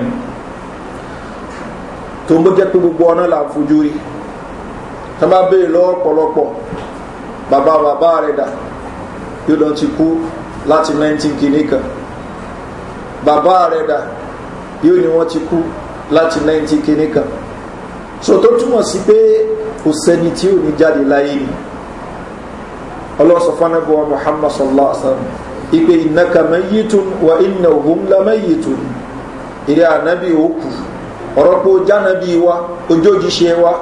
tó ń bó jẹ́ pé gbogbo ọ̀nà là ń fojú rí tó bá béèrè lọ́wọ́ pọ̀lọpọ̀ bàbá bàbá rẹ̀ dà yóò lọ ti kú láti 19 kìíní kan bàbá rẹ̀ dà yóò ní wọ́n ti kú láti 19 kìíní kan so tó túmọ̀ sí pé kò sẹ́ni tí ò ní jáde láyé ni ọlọ́sọ̀fánàbọ̀ muhammad sallallahu alaihi wa sallam ipe ìnaka mẹ́yìtún wa iná òhun la mẹ́yìtún ìrẹ́ ànábì òkú ọ̀rọ̀ pé ó jánábì wa ojójíṣẹ́ wa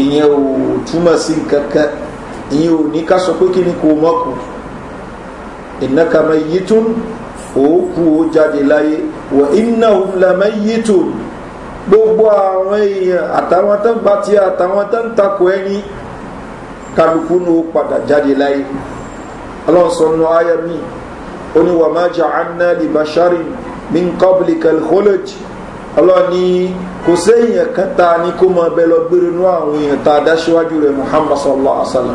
ìyẹn ò túmọ̀ sí kankan ìyẹn ò ní ká pé kí ni kò mọ́kù ìnaka mẹ́yìtún òkú ó jáde láyé wa iná òhun la gbogbo àwọn èèyàn àtàwọn tó ń bá ti àtàwọn tó ń takò ẹni kálukú ní ó padà jáde láyé ọlọ́sọ̀nù ayami oníwàmájà anna libasharin min kọ́blikal college ọlọ́ni kò séèyàn kan ta ni kó mọ bẹ lọ gbére nú àwọn èèyàn tá a dá síwájú rẹ muhammad sallallahu alaihi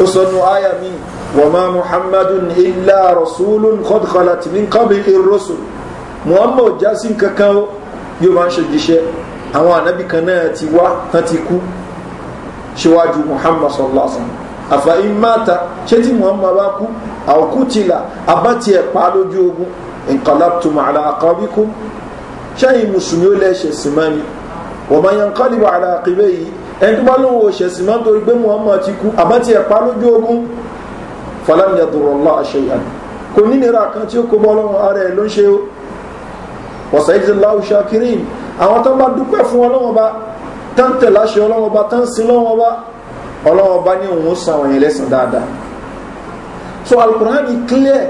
wa sallam ó ayami wàmá muhammadun illa rasulun kọ́dùkọ́lá tìmí kọ́blikal rasul muhammad jásí kankan o bí ó bá ń ṣòjíṣẹ́ àwọn ànábì kan náà ti wá tán ti kú ṣíwájú muhammad sallallahu alaihi wasallam àfà ìmáta ṣé tí muhammad bá kú àwòkútìlà abáti ẹ̀pá lójú ogun ìkàláptùmọ̀ àlà àkọ́bíkú ṣẹ́yìn mùsùlùmí ó lẹ́ṣẹ̀ sí mọ́ ni wọ́n máa yan kọ́lìbọ̀ àlà àkìbẹ́ yìí ẹni tó bá lóun ò ṣẹ̀ sí mọ́ torí pé muhammad ti kú abáti ẹ̀pá lójú ogun falamiyadurọ̀lá àṣẹyàn kò ní nira kan tí ó kó bọ́ lọ́wọ́ ara ẹ̀ ló ń ṣe ó wọ̀sàíjì láwù ṣakirin àwọn tán bá dúpẹ́ fún ọlọ́wọ́n bá tán tẹ̀láṣẹ ọlọ́wọ́n bá tán sin lọ́wọ́n bá ọlọ́wọ́n bá ní òun san àwọn yẹn lẹ́sìn dáadáa so alukur'an ni clear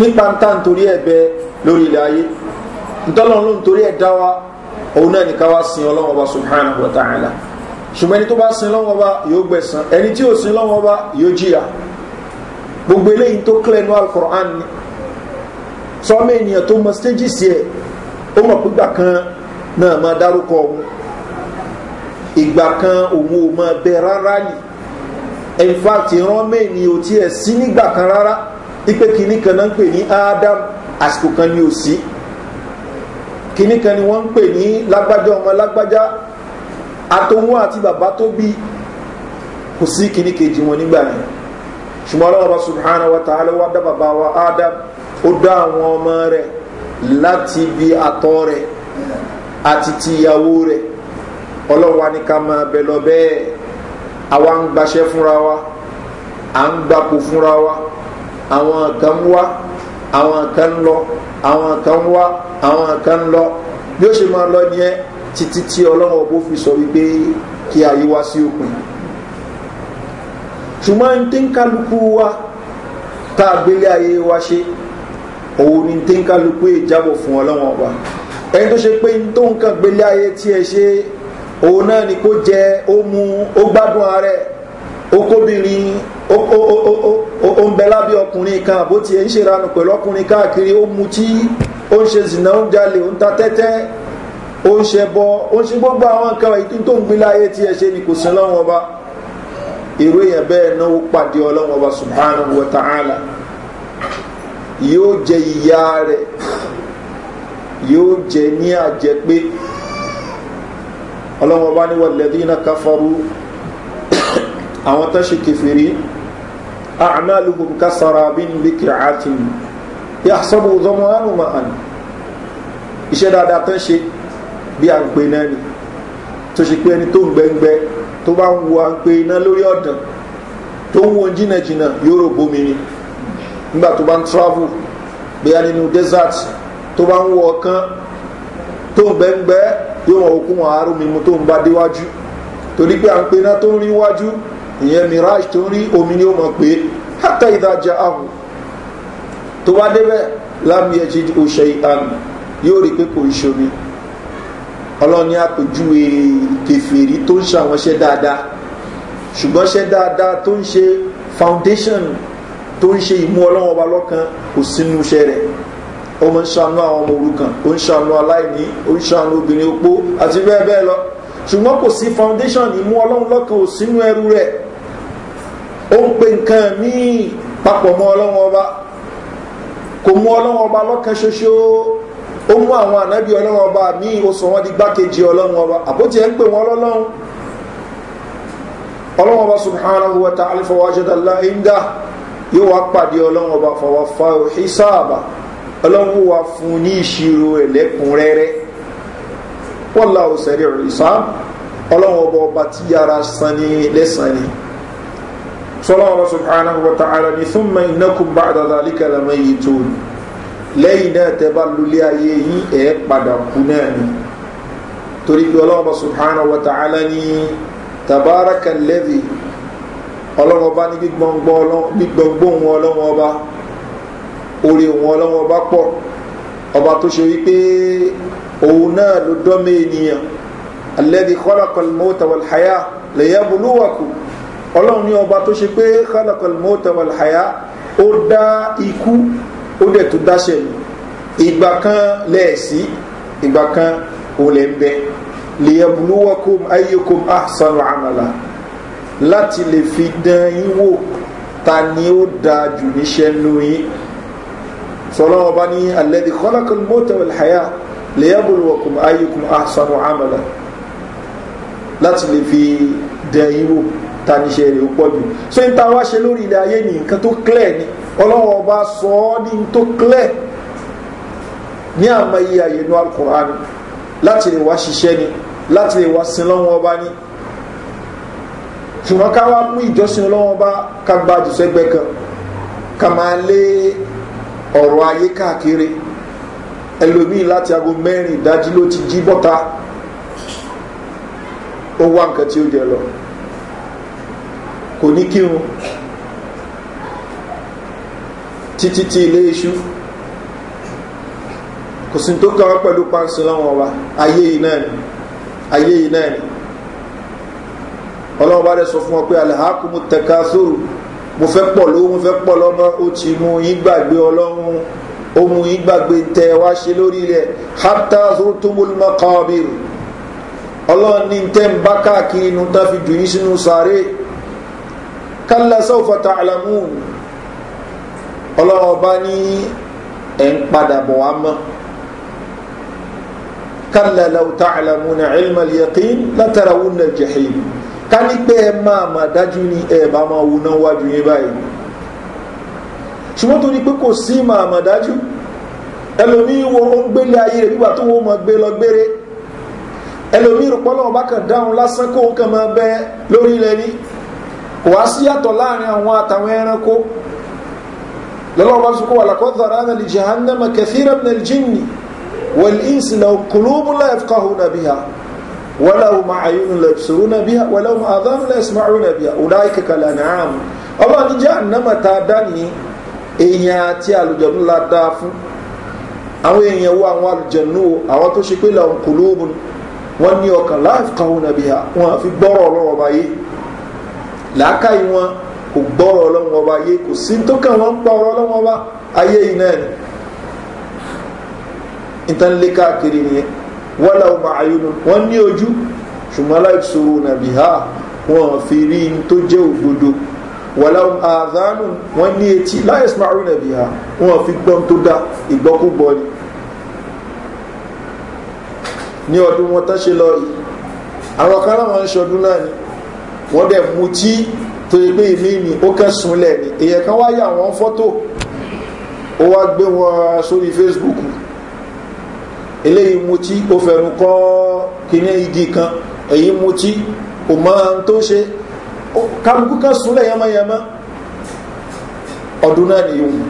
nípa ntá nítorí ẹ bẹ lórí ilẹ̀ ayé ntọ́lọ́n ló nítorí ẹ dá wa òun náà ní wá sin ọlọ́wọ́n bá wa ta'ala ṣùgbọ́n ẹni tó bá sin lọ́wọ́n yóò gbẹ̀sán ẹni tí ò sin lọ́wọ́n yóò jìyà gbogbo eléyìí tó clear ní alukur'an ni ènìyàn tó mọ stages yẹ ó mọ̀ pé ìgbà kan náà máa dárúkọ òun ìgbà kan òun ò mọ bẹ rárá ni in fact ìran mẹ́rin ni ò tiẹ̀ sí nígbà kan rárá ipe kìíní kan náà ń pè ní adam àsìkò kan ni ò sí kìíní kan ni wọ́n ń pè ní lágbájá ọmọ lágbájá àtòun àti bàbá tó bí kò sí kìíní kejì wọn nígbà yẹn ṣùgbọ́n ọlọ́wọ́ bá subhanahu wa ta'ala wa dá bàbá wa adam ó dá àwọn ọmọ rẹ̀ láti bi àtọ̀ rẹ̀ àti ti ìyàwó rẹ̀ ọlọ́wà ní ká máa bẹ̀ lọ bẹ́ẹ̀ àwa ń gbaṣẹ́ fúnra wa à ń gbapò fúnra wa àwọn kan wá àwọn kan lọ àwọn kan wá àwọn kan lọ bí ó ṣe máa lọ nìyẹn títí tí ọlọ́wọ́ bó fi sọ wípé kí ayé wá sí òpin ṣùgbọ́n tí kálukú wa tá àgbélé ayé wa ṣe òun ni tí ń kálukú ìjábọ̀ fún ọlọ́wọ́n ọba ẹni tó ṣe pé tó ń kàn gbélé ayé tí ẹ ṣe òun náà ni kó jẹ ó mu ó gbádùn ààrẹ ó kóbìnrin ó ń bẹ lábẹ́ ọkùnrin kan àbó tiẹ̀ ń ṣèranù pẹ̀lú ọkùnrin káàkiri ó mutí ó ń ṣe zìnà ó ń jalè ó ń ta tẹ́tẹ́ ó ń ṣe bọ ó ń ṣe gbogbo àwọn nǹkan ìtún tó ń gbélé ayé tí ẹ ṣe ni kò sí lọ́wọ́n ọba ìró yẹn bẹ́ẹ̀ náà ó pàdé ọlọ́wọ́n ọba subhanahu wa ta'ala yóò jẹ ìyá rẹ̀ yóò jẹ ní àjẹpé ọlọ́wọ́ bá ní wọ̀lẹ́dí iná káfọ́rú àwọn tó ṣe kẹfìrí àmàlùkùn kásara bí n bí kìrì àtìm yà sọ́bù ọzọmọ ánùmọ̀ àn iṣẹ́ dáadáa tó ṣe bí à ń pè náà ni tó ṣe pé ẹni tó ń gbẹ́ngbẹ́ tó bá ń wo à ń pè iná lórí ọ̀dàn tó ń wo jìnnàjìnnà yóò rò bómi ni nígbà tó bá ń travel bóyá nínú desert tó bá ń wọ ọkàn tó ń bẹ́ńgbẹ́ yóò wọ́n okun àárò mímu tó ń bá déwájú torí pé à ń pe iná tó ń rí wájú ìyẹn mirage tó ń rí omi ni ó mọ̀ pé hátà ìdájà ahùn tó bá débẹ̀ lámì ẹ̀jẹ̀ òṣè ìhàmì yóò rí pé kò ń ṣomi ọlọ́run ní àpèjúwe kẹfìrí tó ń ṣàwọn ṣẹ́ dáadáa ṣùgbọ́n ṣẹ́ dáadáa tó ń ṣe foundation tó ń ṣe ìmú ọlọ́wọ́n ọba lọ́kan kò sínú iṣẹ́ rẹ̀ ó máa ń ṣàánú àwọn ọmọ òrukàn ó ń ṣàánú aláìní ó ń ṣàánú obìnrin opó àti bẹ́ẹ̀ bẹ́ẹ̀ lọ ṣùgbọ́n kò sí foundation ìmú ọlọ́run lọ́kan ò sínú ẹrú rẹ̀ ó ń pe nǹkan míì papọ̀ mọ́ ọlọ́run ọba kò mú ọlọ́run ọba lọ́kan ṣoṣo ó mú àwọn ànábì ọlọ́run ọba míì ó sọ wọ́n di gbákejì ọlọ́run ọba àbótí ẹ̀ ń pè wọ́n lọ́lọ́run ọba subhanahu wa ta'ala fọwọ́ ajẹ́dàlá ń yóò wá pàdé ọlọ́run ọba fọwọ́ fa ìsáàbà ọlọ́run wà fún ní ìṣirò ẹ̀lẹ́kùnrẹ́rẹ́ wọ́n la ò sẹ́rí ọ̀rọ̀ ìsá ọlọ́run ọba ọba tí yára san ní lẹ́sàn ni sọlọ́run ọba sọ̀kànà wọ̀ta ara ní súnmọ́ ìnákùn bá àdàdà líkàlà mẹ́yì tó ní lẹ́yìn náà tẹ́ bá lulẹ̀ ayé yìí ẹ̀ padà kú náà ni torí pé ọlọ́run ọba sọ̀kànà wọ̀ta ara ní tabaraka lẹ́bi ọlọ́wọ́ bá ní gbígbọ́ngbọ́n wọn ọlọ́wọ́ ọba orí wọn ọlọ́wọ́ ọba pọ̀ ọba tó ṣe wípé òun náà ló dọ́mẹ́ ènìyàn alẹ́dí kọ́lákọ̀lmọ́ta wàlhàyà lẹ́yà bolúwàkù ọlọ́run ní ọba tó ṣe pé kọ́lákọ̀lmọ́ta wàlhàyà ó dá ikú ó dẹ̀ tó dáṣẹ̀ lù ìgbà kan lẹ́ẹ̀sí ìgbà kan òun lẹ́ ń bẹ lẹ́yà bolúwàkù ayékom ahsanu láti lè fi dán yín wò ta ni ó dáa jù níṣẹ́ nù yín sọlọ́wọ́ bá ní alẹ́dí kọ́lákan mọ́tò ìlhàyà lèyàbùlùwọ̀kùn ayíkùn àṣàmù àmàlà láti lè fi dán yín wò ta níṣẹ́ rẹ̀ ó pọ̀ jù so n ta wá ṣe lórí ilẹ̀ ayé ní tó clear ni ọlọ́wọ́ bá sọ ọ́ ní tó clear ní àmọ́ iye àyẹ̀nú alukur'an láti lè wá ṣiṣẹ́ ni láti lè wá sin lọ́wọ́ ọba ni ṣùgbọ́n ká wá mú ìjọsìn ọlọ́wọ́n bá ká gba àjùsẹ́gbẹ́ kan ká máa lé ọ̀rọ̀ ayé káàkiri ẹlòmíì láti aago mẹ́rin ìdájí ló ti jí bọ́ta ó wá nǹkan tí ó jẹ lọ kò ní kírun títí tí ilé iṣu kò sí tó kọ́ pẹ̀lú pàǹsí láwọn ọba ayé yìí náà ni ayé yìí náà ni ọlọ́run bá dẹ̀ sọ fún ọ pé alahakumu takathuru mo fẹ́ pọ̀ lówó mo fẹ́ pọ̀ lọ́mọ ó ti mú yín gbàgbé ọlọ́run ó mú yín gbàgbé tẹ wá ṣe lórí rẹ̀ hatta zurtumul maqabir ọlọ́run ní tẹ́ ń bá káàkiri inú tá fi jù yín sínú sáré kalla sawfa ta'lamun ọlọ́run bá ní ẹ̀ ń padà bọ̀ wá mọ́ kalla law ta'lamuna ilmal yaqin latarawunna al-jahim ká ní pé ẹ máa mà dájú ni ẹ bá máa wo náà wájú yín báyìí ṣùgbọ́n torí pé kò sí màá mà dájú ẹlòmíín wo ó ń gbélé ayé rẹ̀ nígbà tó wọ́n mọ̀ gbé lọ gbére ẹlòmíín rò pọ́lọ́ ọba kan dáhùn lásán kó kàn máa bẹ lórí ilẹ̀ ní kò sí yàtọ̀ láàrin àwọn àtàwọn ẹranko lọ́lọ́ ọba sọ kó wà lákọ́ dọ̀rọ̀ ánà lè jẹ́ hàn náà mà kẹfì rẹ̀ bìnrin jìnnì wọ̀lì ìsìn náà kùlùmù láì wọ́láwọ́ ma àyínú lẹ́bṣòro náà bí i wọ́láwọ́ ma àdánù lẹ́sìmáàrún náà bí i ọ̀dáì kẹkẹlẹ̀ náà mú ọba ní jẹ́ ànámọ̀ta dání èèyàn àti àlùjọ̀nù la dá fún àwọn èèyàn wo àwọn àlùjọ̀nù àwọn tó ṣe pé làwọn kò lóògùn wọ́n ní ọkàn láàfin káwọn náà bí i wọn àfi gbọ́rọ̀ ọlọ́wọ́ bá yé làákàyè wọn kò gbọ́rọ̀ ọlọ́wọ́ bá yé kò sí tó kàn wọ́n ń pa ọ̀rọ̀ ọlọ́wọ́ bá ayé yìí náà ni ìtàn lé káàkiri nìyẹn wọ́n làwọn máa ayọ́nu wọ́n ní ojú ṣùgbọ́n aláìsòro nàbí ha wọ́n fi rí in tó jẹ́ òdodo wọ́n làwọn àdánù wọ́n ní etí láìsí máa rí nàbí ha wọ́n fi gbọ́n tó dá ìgbọ́kúgbọ́ ni ní ọdún wọn tán ṣe lọ yìí àwọn kan náà ń ṣọdún náà ni wọ́n dẹ̀ mú tí tó yẹ pé ìmí ni ó kẹ́sùn ni èyẹ kan wáyà wọn fọ́tò ó wá gbé wọn sórí facebook eléyìí mutí ó fẹnu kọ́ kíní igi kan èyí mutí kò mọ ohun tó ṣe kálukú kan súnlẹ̀ yamayama ọdún náà nìyí wọn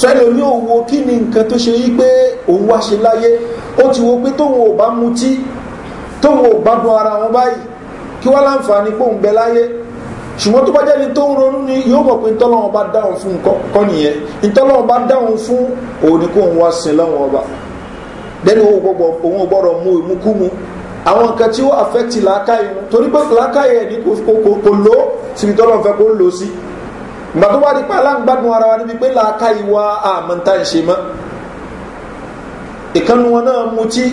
sẹ́ni oní òwò kí ni nǹkan tó ṣe yí pé òun wá ṣe láyé ó ti wo pé tóun ò bá mutí tóun ò bá dun ara wọn báyìí kí wọ́n láǹfààní pé òun bẹ láyé ṣùgbọ́n tó bá jẹ́ ni tó ń ronú ni yóò mọ̀ pé ntọ́lọ́wọ́n bá dáhùn fún kọ́ nìyẹn ntọ́lọ́wọ́n bá dáhùn fún òun ni kóun wá sin lọ́wọ́n ọba dẹ́ni òun gbọ́dọ̀ òun gbọ́dọ̀ mú ìmúkúmu àwọn nǹkan tí ó àfẹ́tì làákàyè mu torí pé làákàyè ẹ̀ ní kò ló síbi tọ́lọ̀ fẹ́ kó lò sí ìgbà tó bá di pé aláǹgbádùn ara wa níbi pé làákàyè wa àmọ́ta ń ṣe mọ́ ìkànnì wọn náà mutí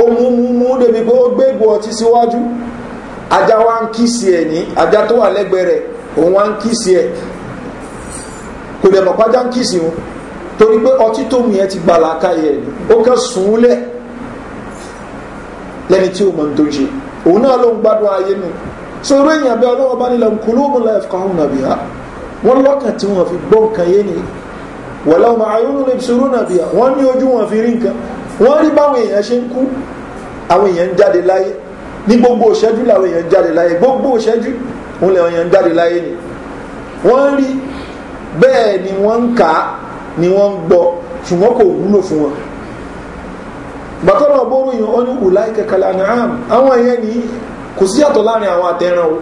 ó mú mú mú débi pé ó gbégbó ọtí síwájú ajá wa ń kíìsì ẹ̀ ní ajá tó wà lẹ́gbẹ̀ẹ́ rẹ̀ òun wa ń kíìsì ẹ̀ kò dẹ̀ mọ̀ pàjá ń kíìsì wọn torí pé ọtí tó mú yẹn ti gba làákàyè ó kàn sùn lẹ̀ lẹ́ni tí ó mọ̀ tó ṣe òun náà ló ń gbádùn ayé nù so irú èèyàn bẹ́ẹ̀ ọlọ́wọ́ bá nílẹ̀ nkúlú òun láì fọ́ àwọn nàbí ha wọ́n lọ́kàn tí wọ́n fi gbọ́ nǹkan yé ni wọ̀lá ọmọ ayọ́nù lè ṣòro nàbí ha wọ́n ní ojú wọn fi rí nǹkan wọ́n rí báwọn èèyàn ṣe ń kú àwọn èèyàn ń jáde láyé ní gbogbo òṣẹ́jú làwọn èèyàn ń jáde láyé gbogbo òṣẹ́jú òun lè èèyàn ń jáde láyé ni wọ́n rí bẹ́ẹ̀ ni wọ́n ń kà á ni wọ́n ń gbọ́ ṣùgbọ́n kò wúlò fún wọn bàtọ́nà bóró yìí ó ní wùlá ìkẹkẹlẹ àná àwọn ẹ̀yẹ́ ni kò sí yàtọ̀ láàrin àwọn àtẹran o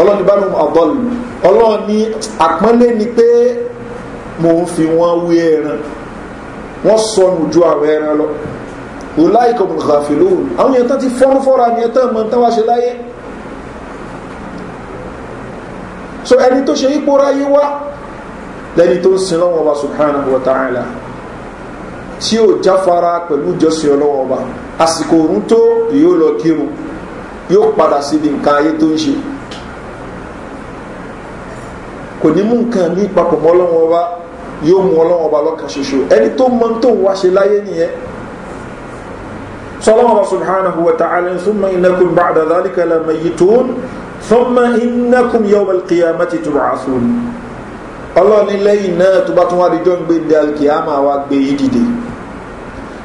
ọlọ́ni bá àpọ́nlé ni pé mò ń fi wọ́n wé ẹran wọ́n sọnù ju àwọn ẹran lọ wùlá ìkọ̀mù gàfìlò àwọn yẹn tán ti fọ́nú fọ́ra ni ẹ̀ tán tán wá ṣe láyé so ẹni tó ṣe ipò ráyé wá lẹ́ni tó ń sin lọ́wọ́ ọba subhanahu wa ta'ala tí ó jáfara pẹ̀lú ìjọsìn ọlọ́wọ́ ọba àsìkò òrùn tó yóò lọ kírun yóò padà síbi nǹkan ayé tó ń ṣe kò ní mú nǹkan ní papọ̀ mọ́ ọlọ́wọ́ ọba yóò mú ọlọ́wọ́ ọba lọ́kàn ṣoṣo ẹni tó mọ tó wá ṣe láyé nìyẹn sọlọ́wọ́ ọba subhanahu wa ta'ala súnmọ́ ìnákùn bá àdàdàlíkà làmẹ́yìí tó ń súnmọ́ ìnákùn yọ̀wọ̀ kìyàmẹ́tì tó bá a ọlọ́ni lẹ́yìn náà tó bá tún wá dijọ́ ń gbé ní alkiyama wa gbé yìí dìde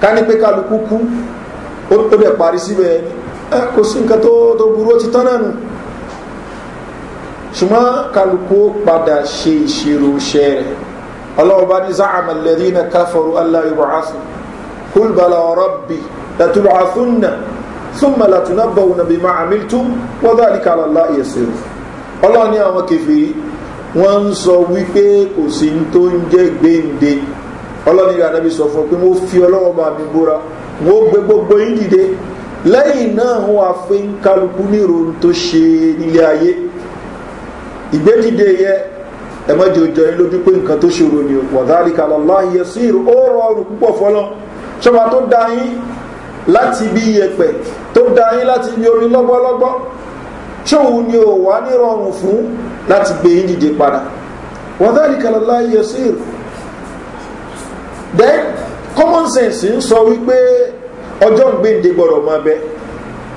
ká ní pé kálukú kú ó dẹ̀ parí síbẹ̀ ẹ kò sí nǹkan tó burú ó ti tán náà nù ṣùgbọ́n kálukú padà ṣe ìṣirò ṣẹ rẹ̀ ọlọ́ọ̀bá ní záàmà lẹ́dínà káfọ̀rọ̀ aláìbọ̀ásù kúlbàlà ọ̀rọ̀bì látúbàásùnà súnmà látúnàbọ̀wùnà bí máa àmìlítún wọ́n dáríkà lọ́lá ìyẹ̀sẹ̀ ọlọ́ọ̀ni àwọn kẹfìrí wọ́n ń sọ wípé kò sí tó ń jẹ́ gbéǹde ọlọ́ni sọ fún pé fi ọlọ́wọ́ bá mi búra wọ́n gbé gbogbo yín dìde lẹ́yìn náà wọ́n á fi ń kálukú ní ìròyìn tó ṣe nílé ayé yẹ tó yẹ ìrò ó púpọ̀ fọlọ́ ṣọba tóun ni ò wá ní rọrùn fún láti gbé yín padà wọ́n then common sense ń sọ wípé ọjọ́ gbèǹde gbọ́dọ̀ máa bẹ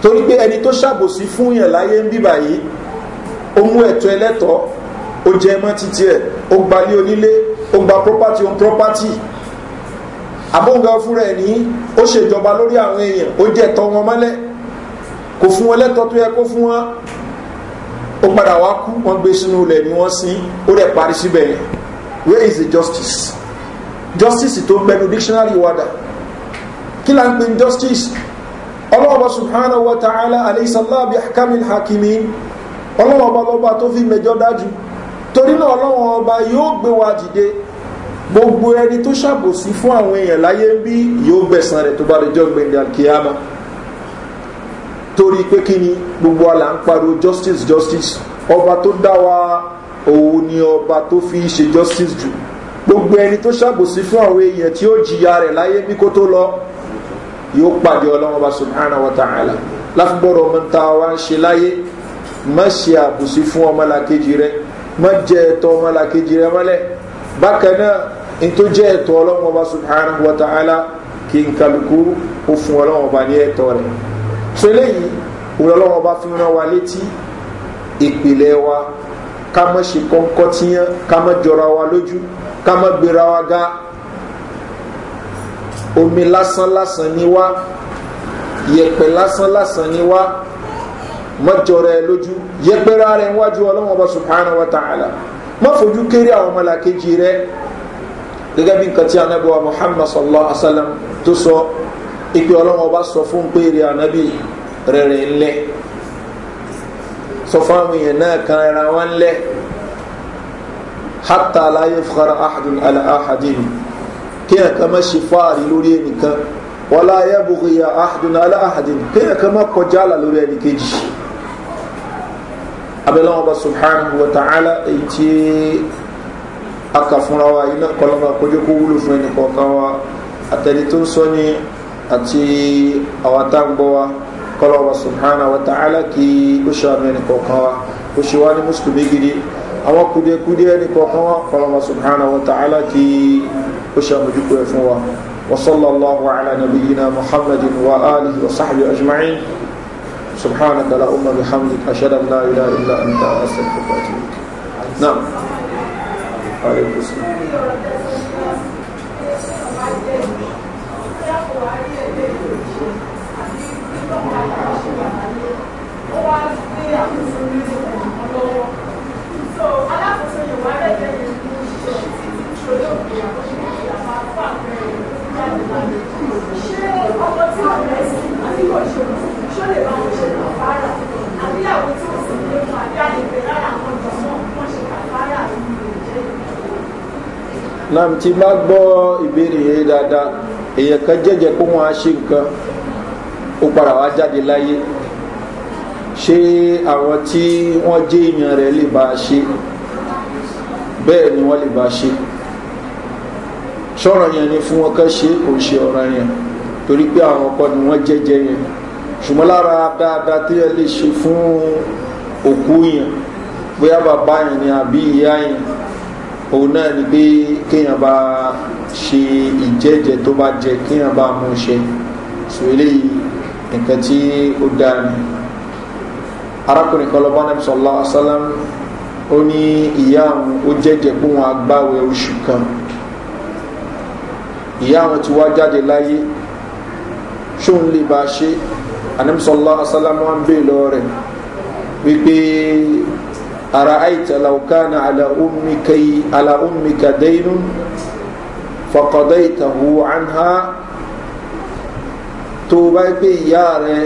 torí pé ẹni tó ṣàbòsí fún yàn láyé ń bíbà yìí ó mú ẹ̀tọ́ ẹlẹ́tọ̀ọ́ ó jẹ mọ́ títí ẹ̀ ó gbalé onílé ó gba property on property àbóǹgá fúnra ẹ̀ ní ó ṣèjọba lórí àwọn èèyàn ó jẹ́ ẹ̀tọ́ wọn mọ́lẹ̀ kò fún wọn tó yẹ kó fún wọn ó padà wá kú wọ́n gbé sínú ilẹ̀ ni wọ́n sin ó dẹ̀ parí síbẹ̀ yẹn where is the justice justice tó ń bẹnu dictionary wada kí la ń pin justice ọlọ́ọ̀bá subhanahu wa ta'ala aleyhisalaabi hakamil hakimin ọlọ́wọ́ ọba lọ́ba tó fi mẹjọ dájú torí náà ọlọ́wọ́ yóò gbé wa dìde gbogbo ẹni tó ṣàbòsí fún àwọn èèyàn láyé ń bí yóò gbẹ̀sán rẹ̀ tó bá lè jọ gbẹ̀ndẹ̀ torí pé kí ni gbogbo àlà ń pariwo justice justice ọba tó dá wa òun ni ọba tó fi ṣe justice jù gbogbo ẹni tó ṣàbòsí fún àwọn èèyàn tí ó jìyà rẹ̀ láyé bí kó tó lọ yóò pàdé ọlọ́run ọba subhana wa ta'ala láfúgbọ́dọ̀ ọmọ ta wa ń ṣe láyé má ṣe àbòsí fún ọmọlàkejì rẹ má jẹ ẹ̀tọ́ ọmọlàkejì rẹ mọ́lẹ̀ bákan náà ní tó jẹ́ ẹ̀tọ́ ọlọ́run ọba subhana wa ta'ala kí n kálukú ó fún ọlọ́run ọba ní ẹ̀tọ́ rẹ̀ so eléyìí òlọ́lọ́wọ́ bá fi rán wa létí ìpìlẹ̀ wa ká mọ́ ṣe kọ́ńkọ́ tíyán ká mọ́ jọra wa lójú ká mọ́ gbéra wa ga omi lásán lásán ni wá yẹ̀pẹ̀ lásán lásán ni wá mọ́jọra ẹ lójú yẹpẹ́ra rẹ̀ níwájú ọlọ́wọ́n ọba subhanahu wa ta'ala má fojú kéré àwọn ọmọlàkejì rẹ gẹ́gẹ́ bí nǹkan tí anábọ̀ muhammad sallallahu alaihi wa sallam tó sọ ìpè ọlọ́run ọba sọ fún pé rí ànábì rẹ̀rẹ̀ ńlẹ̀ sọ fún àwọn èèyàn náà kan ara wọn ńlẹ̀ hatta la yafkhara ahadun ala ahadin kí ẹ̀ka má ṣe fáàrí lórí ẹnìkan wala yabghiya ahadun ala ahadin kí ẹ̀ka má kọjá àlà lórí ẹnìkejì abẹ́lẹ́ bá subhanahu wa ta'ala èyí tí a kà fúnra wa iná kọlọ́mà kójókó wúlò fún ẹnì wa àtẹ̀lẹ́ sọ ní àti àwọn táǹgbọ́ wa kọlọ́wọ́ subhanahu wa ta'ala kí ó ṣàánú ẹnì kọ̀ọ̀kan wa ó ṣe wá ní mùsùlùmí gidi àwọn kùdìẹ̀kùdìẹ̀ ẹnì kọ̀ọ̀kan wa kọlọ́wọ́ subhanahu wa ta'ala kí ó ṣàmójúkú ẹ̀ fún wa وصلى الله على نبينا محمد وآله وصحبه أجمعين سبحانك لا أم بحمدك أشهد أن لا إله إلا أنت أستغفرك وأتوب إليك نعم عليكم السلام nam tí bá gbọ́ ìbéèrè yẹn dáadáa èèyàn kan jẹ́jẹ́ pé wọ́n á ṣe nǹkan ó padà wá jáde láyé ṣé àwọn tí wọ́n jẹ́ èèyàn rẹ̀ lè bá a ṣe bẹ́ẹ̀ ni wọ́n lè bá ṣe ṣọ́rọ̀ yẹn ni fún wọn kán ṣe kò ṣe ọ̀ràn yẹn torí pé àwọn ọkọ ni wọ́n jẹ́jẹ́ yẹn ṣùgbọ́n lára dáadáa tí ẹ lè ṣe fún òkú yẹn bóyá bàbá yẹn ni àbí ìyá yẹn òun náà ni pé kéèyàn bá ṣe ìjẹ́jẹ́ tó bá jẹ kéèyàn bá mú ṣe sọ eléyìí nǹkan tí ó dáa ni arákùnrin kan lọ bá nàbì sọlá asálàmù ó ní ìyá àwọn ó jẹ́jẹ́ pé wọ́n agbáwẹ̀ oṣù kan ìyá àwọn ti wá jáde láyé ṣóun lè bá ṣe anamsọ́lá asálámù wa ń bè lọ rẹ̀ wípé ara àìtà laukana ala ummika dainun fọkọ̀dẹ́ìtàwó anha tó bá gbé ìyá rẹ̀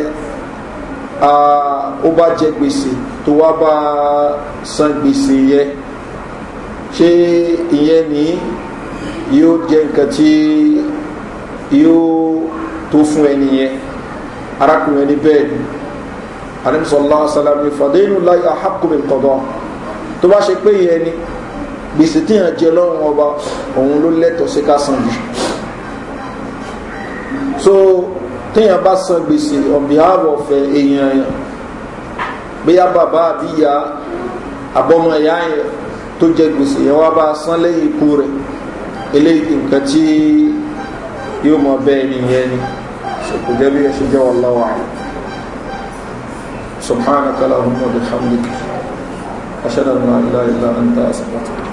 ó bá jẹ gbèsè tó wá bá san gbèsè yẹ ṣé ìyẹn ní yóò jẹ́ nǹkan tí yóò tó fún ẹni yẹn arákùnrin ẹni bẹ́ẹ̀ ni àdínsọ́lá sàlámì fàdéhùn láì àhàkùnrin kọ̀dọ̀ tó bá ṣe pé ìyẹn ni gbèsè tí yàn jẹ lọ́rùn ọba òun ló lẹ́tọ̀ọ́ sí ká san jù so téèyàn bá san gbèsè on behalf of eh, èèyàn yàn bóyá bàbá àbí ìyá àbọ̀mọ ìyá yẹn tó jẹ gbèsè yẹn wá bá a san lẹ́yìn ikú rẹ̀ eléyìí nǹkan tí yóò mọ bẹ́ẹ̀ nìyẹn ni kò jẹ́ bí ẹ ṣe jẹ́ wọn lọ́wọ́ àyè subhanaka lahumma bihamdika ashhadu an la ilaha illa anta astaghfiruka